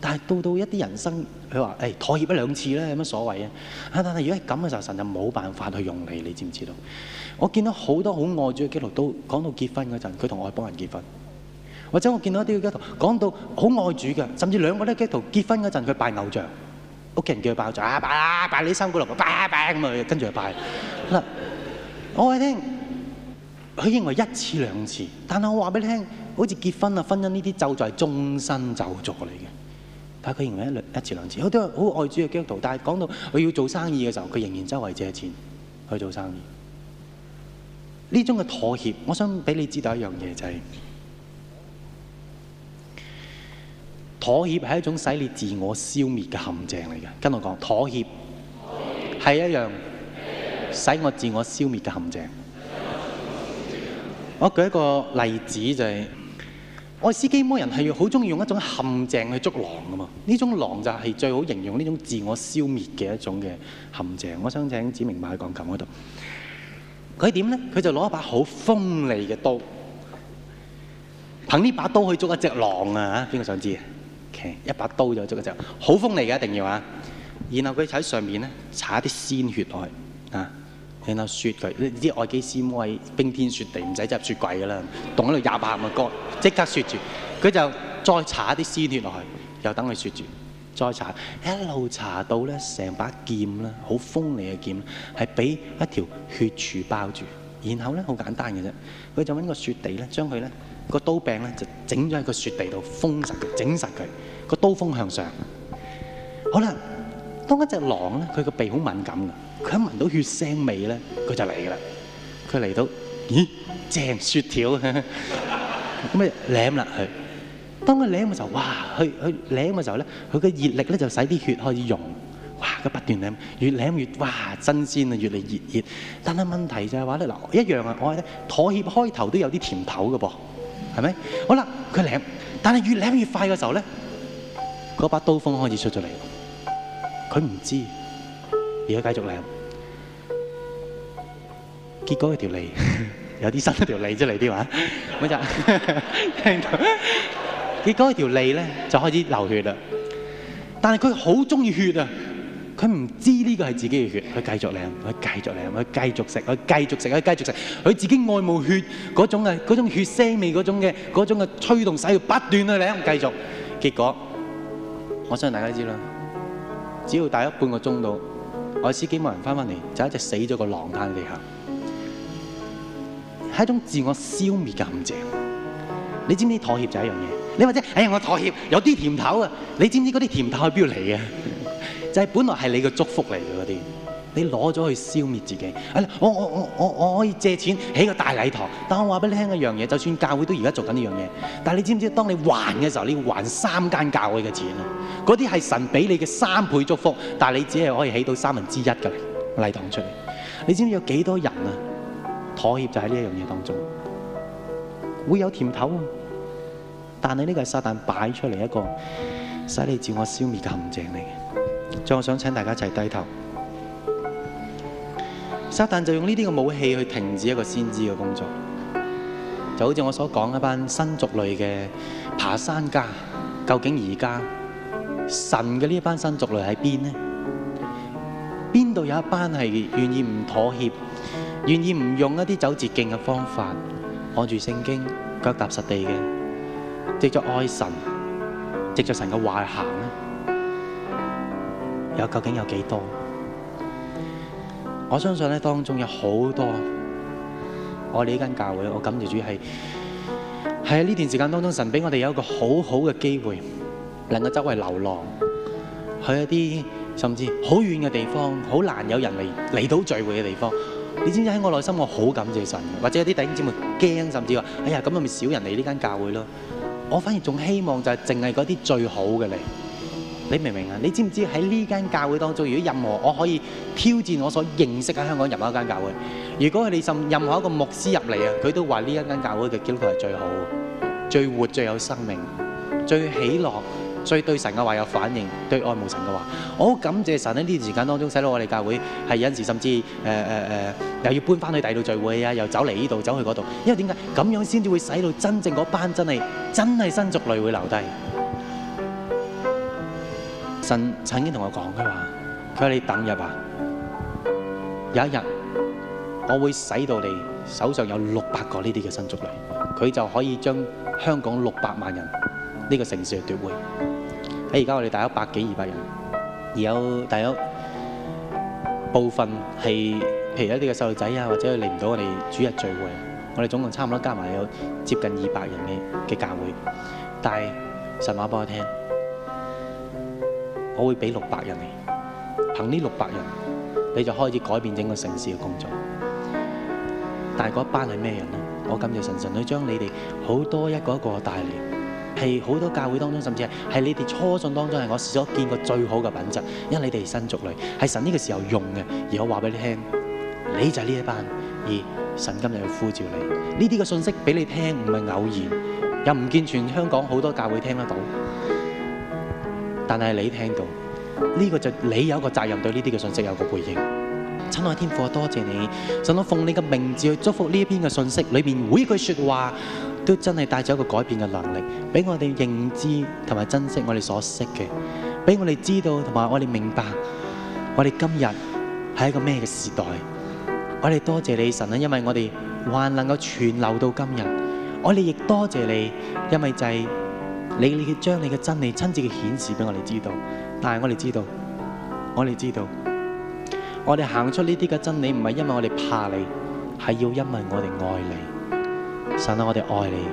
A: 但係到到一啲人生，佢話誒妥協一兩次咧，有乜所謂啊？但係如果係咁嘅時候，神就冇辦法去用你，你知唔知道？我見到好多好愛主嘅基督徒，講到結婚嗰陣，佢同外邦人結婚。或者我見到一啲基督徒講到好愛主嘅，甚至兩個咧基督徒結婚嗰陣，佢拜偶像，屋企人叫佢拜偶像，拜啊拜呢三高樓，拜拜咁啊，啊啊啊樣跟住去拜。嗱， 我話你聽，佢認為一次兩次，但係我話俾你聽，好似結婚啊、婚姻呢啲，就係終身就座嚟嘅。但係佢認為一一次兩次，好多好愛主嘅基督徒，但係講到佢要做生意嘅時候，佢仍然周圍借錢去做生意。呢種嘅妥協，我想俾你知道一樣嘢就係、是。妥協係一種使你自我消滅嘅陷阱嚟嘅，跟我講，妥協係一樣使我自我消滅嘅陷，陷阱。我舉一個例子就係、是，愛斯基摩人係好中意用一種陷阱去捉狼㗎嘛。呢種狼就係最好形容呢種自我消滅嘅一種嘅陷阱。我想請指明買鋼琴嗰度。佢點呢？佢就攞一把好鋒利嘅刀，憑呢把刀去捉一隻狼啊！邊個想知一把刀就足嘅啫，好鋒利嘅一定要在一啊！然後佢喺上面咧，搽啲鮮血落去啊，然後雪佢呢啲愛斯基摩冰天雪地唔使執入雪櫃嘅啦，凍喺度廿八冇幹，即刻雪住。佢就再搽啲鮮血落去，又等佢雪住，再搽一路搽到咧，成把劍啦，好鋒利嘅劍，係俾一條血柱包住。然後咧，好簡單嘅啫，佢就揾個雪地咧，將佢咧個刀柄咧就整咗喺個雪地度封實佢，整實佢。刀鋒向上，好啦，當一隻狼咧，佢個鼻好敏感嘅，佢一聞到血腥味咧，佢就嚟嘅啦。佢嚟到，咦？正雪條，咁啊舐落去。當佢舐嘅時候，哇！佢佢舐嘅時候咧，佢嘅熱力咧就使啲血開始溶，哇！佢不斷舐，越舐越哇真鮮啊，越嚟越熱。但係問題就係話咧，嗱一樣啊，我咧妥協開頭都有啲甜頭嘅噃，係咪？好啦，佢舐，但係越舐越快嘅時候咧。嗰把刀鋒開始出咗嚟，佢唔知而家繼續舐，結果佢條脷有啲新一條脷出嚟啲嘛？乜就聽到？結果佢條脷咧就開始流血啦。但係佢好中意血啊！佢唔知呢個係自己嘅血，佢繼續舐，佢繼續舐，佢繼續食，佢繼續食，佢繼續食。佢自己愛慕血嗰種嘅，嗰種血腥味嗰種嘅嗰種嘅吹動，使佢不斷去舐，繼續。結果。我相信大家知啦。只要大約咗半個鐘到，我司機冇人翻翻嚟，就一隻死咗個狼攤地下。係一種自我消滅嘅陷阱。你知唔知妥協就係一樣嘢？你或者哎呀我妥協，有啲甜頭啊！你知唔知嗰啲甜頭係邊度嚟嘅？就係本來係你嘅祝福嚟嘅嗰啲，你攞咗去消滅自己。我我我我我可以借錢起個大禮堂，但我話俾你聽一樣嘢，就算教會都而家做緊呢樣嘢，但係你知唔知當你還嘅時候，你要還三間教會嘅錢啊！嗰啲係神俾你嘅三倍祝福，但係你只係可以起到三分之一嘅禮堂出嚟。你知唔知有幾多人啊？妥協就喺呢一樣嘢當中，會有甜頭，但係呢個係撒旦擺出嚟一個使你自我消滅嘅陷阱嚟嘅。再我想請大家一齊低頭，撒旦就用呢啲嘅武器去停止一個先知嘅工作。就好似我所講一班新族類嘅爬山家，究竟而家？神嘅呢一班新族類喺邊呢？邊度有一班係願意唔妥協，願意唔用一啲走捷徑嘅方法，按住聖經腳踏實地嘅，藉著愛神，藉著神嘅話行呢？又究竟有幾多？我相信咧，當中有好多我哋呢間教會，我感謝主係係喺呢段時間當中，神俾我哋有一個好好嘅機會。能夠周圍流浪，去一啲甚至好遠嘅地方，好難有人嚟嚟到聚會嘅地方。你知唔知喺我內心，我好感謝神，或者有啲弟兄姊妹驚，甚至話：哎呀，咁咪少人嚟呢間教會咯？我反而仲希望就係淨係嗰啲最好嘅嚟。你明唔明啊？你知唔知喺呢間教會當中，如果任何我可以挑戰我所認識嘅香港任何一間教會，如果係你任何一個牧師入嚟啊，佢都話呢一間教會嘅基督徒係最好、最活、最有生命、最喜樂。所以對神嘅話有反應，對愛慕神嘅話，我好感謝神喺呢段時間當中，使到我哋教會係有陣時甚至誒誒誒，又要搬返去第二度聚會啊，又走嚟呢度走去嗰度。因為點解咁樣先至會使到真正嗰班真係真係新族類會留低？神曾經同我講佢話，佢話你等日啊，有一日我會使到你手上有六百個呢啲嘅新族類，佢就可以將香港六百萬人呢個城市奪回。喺而家我哋大約百幾二百人，而有大約部分係，譬如一啲嘅細路仔啊，或者嚟唔到我哋主日聚會，我哋總共差唔多加埋有接近二百人嘅嘅教會。但係神話講俾我聽，我會俾六百人嚟，憑呢六百人你就開始改變整個城市嘅工作。但係嗰一班係咩人咧？我感謝神，神，神去將你哋好多一個一個帶嚟。係好多教會當中，甚至係係你哋初信當中，係我所見過最好嘅品質，因為你哋新族類，係神呢個時候用嘅。而我話俾你聽，你就係呢一班，而神今日要呼召你。呢啲嘅信息俾你聽，唔係偶然，又唔見全香港好多教會聽得到，但係你聽到，呢、這個就你有個責任對呢啲嘅信息有個回應。親愛天父，多謝你，神我奉你嘅名字去祝福呢一篇嘅信息裏面每句説話。都真係帶咗一個改變嘅能力，俾我哋認知同埋珍惜我哋所識嘅，俾我哋知道同埋我哋明白，我哋今日係一個咩嘅時代？我哋多謝你神啊，因為我哋還能夠存留到今日。我哋亦多謝你，因為就係你你將你嘅真理親自嘅顯示俾我哋知道。但係我哋知道，我哋知道，我哋行出呢啲嘅真理，唔係因為我哋怕你，係要因為我哋愛你。神啊，我哋愛你，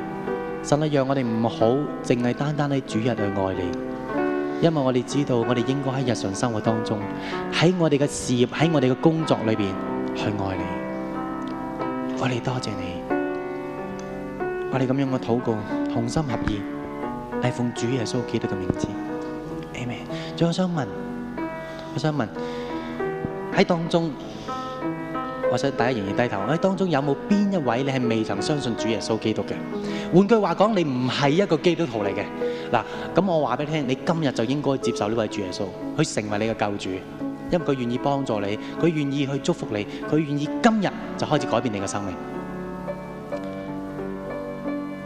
A: 神啊，讓我哋唔好淨係單單喺主日去愛你，因為我哋知道我哋應該喺日常生活當中，喺我哋嘅事業，喺我哋嘅工作裏邊去愛你。我哋多謝你，我哋咁樣嘅禱告，同心合意，係奉主耶穌基督嘅名字，Amen。仲有我想問，我想問喺當中。我想大家仍然低頭，唉，當中有冇邊一位你係未曾相信主耶穌基督嘅？換句話講，你唔係一個基督徒嚟嘅。嗱，咁我話俾你聽，你今日就應該接受呢位主耶穌，去成為你嘅救主，因為佢願意幫助你，佢願意去祝福你，佢願意今日就開始改變你嘅生命。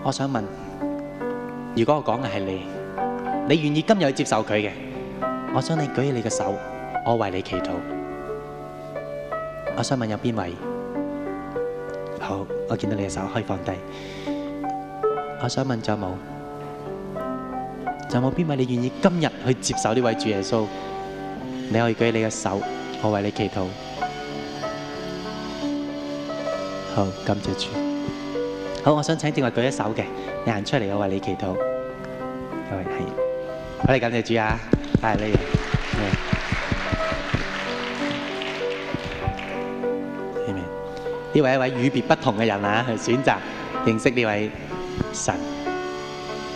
A: 我想問，如果我講嘅係你，你願意今日去接受佢嘅？我想你舉起你嘅手，我為你祈禱。我想問，有邊位？好，我見到你嘅手可以放低。我想問仲有冇？仲有冇邊位你願意今日去接受呢位主耶穌？你可以舉起你嘅手，我為你祈禱。好，感謝主。好，我想請幾位舉一手嘅，你行出嚟，我為你祈禱。係，我哋感謝主啊，係你。呢位一位與別不同嘅人啊，去選擇認識呢位神，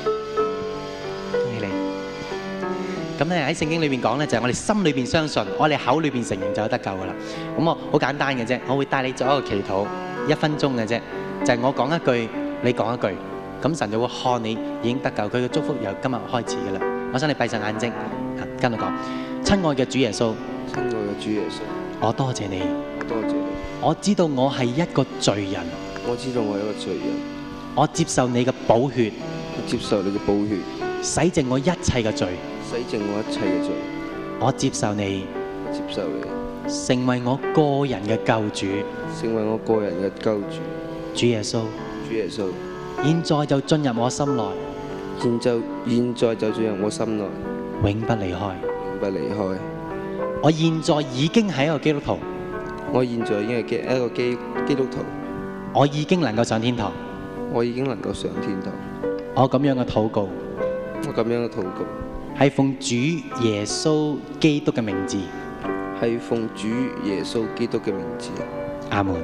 A: 恭喜你！咁咧喺聖經裏面講咧，就係我哋心裏邊相信，我哋口裏邊承認就有得救噶啦。咁我好簡單嘅啫，我會帶你做一個祈禱一分鐘嘅啫，就係我講一句，你講一句，咁神就會看你已經得救，佢嘅祝福由今日開始噶啦。我想你閉上眼睛，跟住講：親愛嘅主耶穌，親愛嘅主耶穌，我多謝你，我多謝。我知道我係一個罪人，我知道我係一個罪人。我接受你嘅寶血，我接受你嘅寶血，洗淨我一切嘅罪，洗淨我一切嘅罪。我接受你，我接受你，成為我個人嘅救主，成為我個人嘅救主。主耶穌，主耶穌，現在就進入我心內，現就現在就進入我心內，永不離開，永不離開。我現在已經係一個基督徒。我現在已經係一個基基督徒，我已經能夠上天堂，我已經能夠上天堂。我咁樣嘅禱告，我咁樣嘅禱告，係奉主耶穌基督嘅名字，係奉主耶穌基督嘅名字。阿門，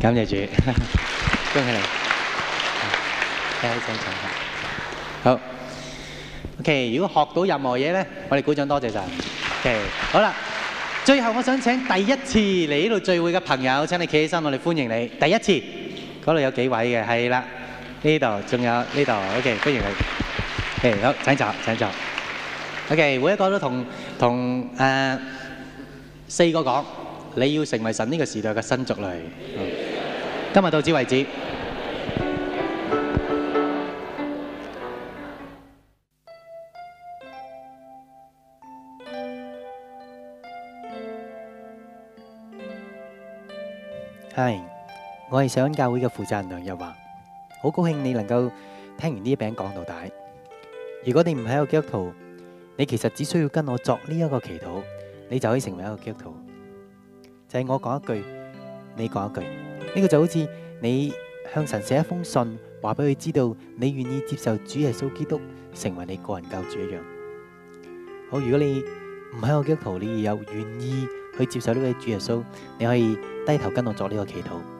A: 感謝主， 恭喜你，好，好，okay，如果學到任何嘢咧，我哋鼓掌多謝晒。OK，好啦。最後，我想請第一次嚟呢度聚會嘅朋友，請你企起身，我哋歡迎你。第一次嗰度有幾位嘅？係啦，呢度仲有呢度，OK，歡迎你。OK，好，請坐，請坐。OK，每一個都同同、呃、四個講，你要成為神呢個時代嘅新族類。今日到此為止。我係上恩教會嘅負責人梁日華，好高興你能夠聽完呢一篇講道。如果你唔係一個基督徒，你其實只需要跟我作呢一個祈禱，你就可以成為一個基督徒。就係我講一句，你講一句，呢個就好似你向神寫一封信，話俾佢知道你願意接受主耶穌基督成為你個人救主一樣。好，如果你唔係一個基督徒，你又願意去接受呢位主耶穌，你可以低頭跟我作呢個祈禱。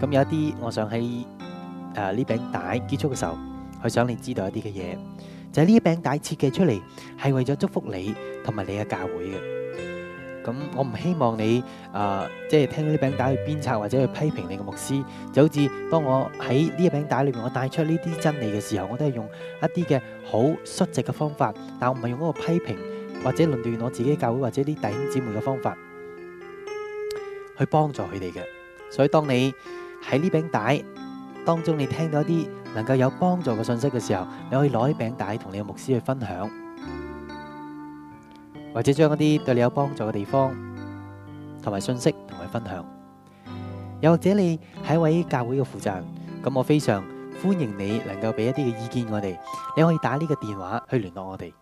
A: 咁有一啲，我想喺誒呢餅帶結束嘅時候，去想你知道一啲嘅嘢，就係呢餅帶設計出嚟係為咗祝福你同埋你嘅教會嘅。咁我唔希望你誒即係聽呢餅帶去鞭策或者去批評你嘅牧師，就好似當我喺呢餅帶裏面我帶出呢啲真理嘅時候，我都係用一啲嘅好率直嘅方法，但我唔係用嗰個批評或者論斷我自己教會或者啲弟兄姊妹嘅方法去幫助佢哋嘅。所以，當你喺呢餅帶當中，你聽到一啲能夠有幫助嘅信息嘅時候，你可以攞呢餅帶同你嘅牧師去分享，或者將一啲對你有幫助嘅地方同埋信息同佢分享。又或者你係一位教會嘅負責人，咁我非常歡迎你能夠俾一啲嘅意見我哋。你可以打呢個電話去聯絡我哋。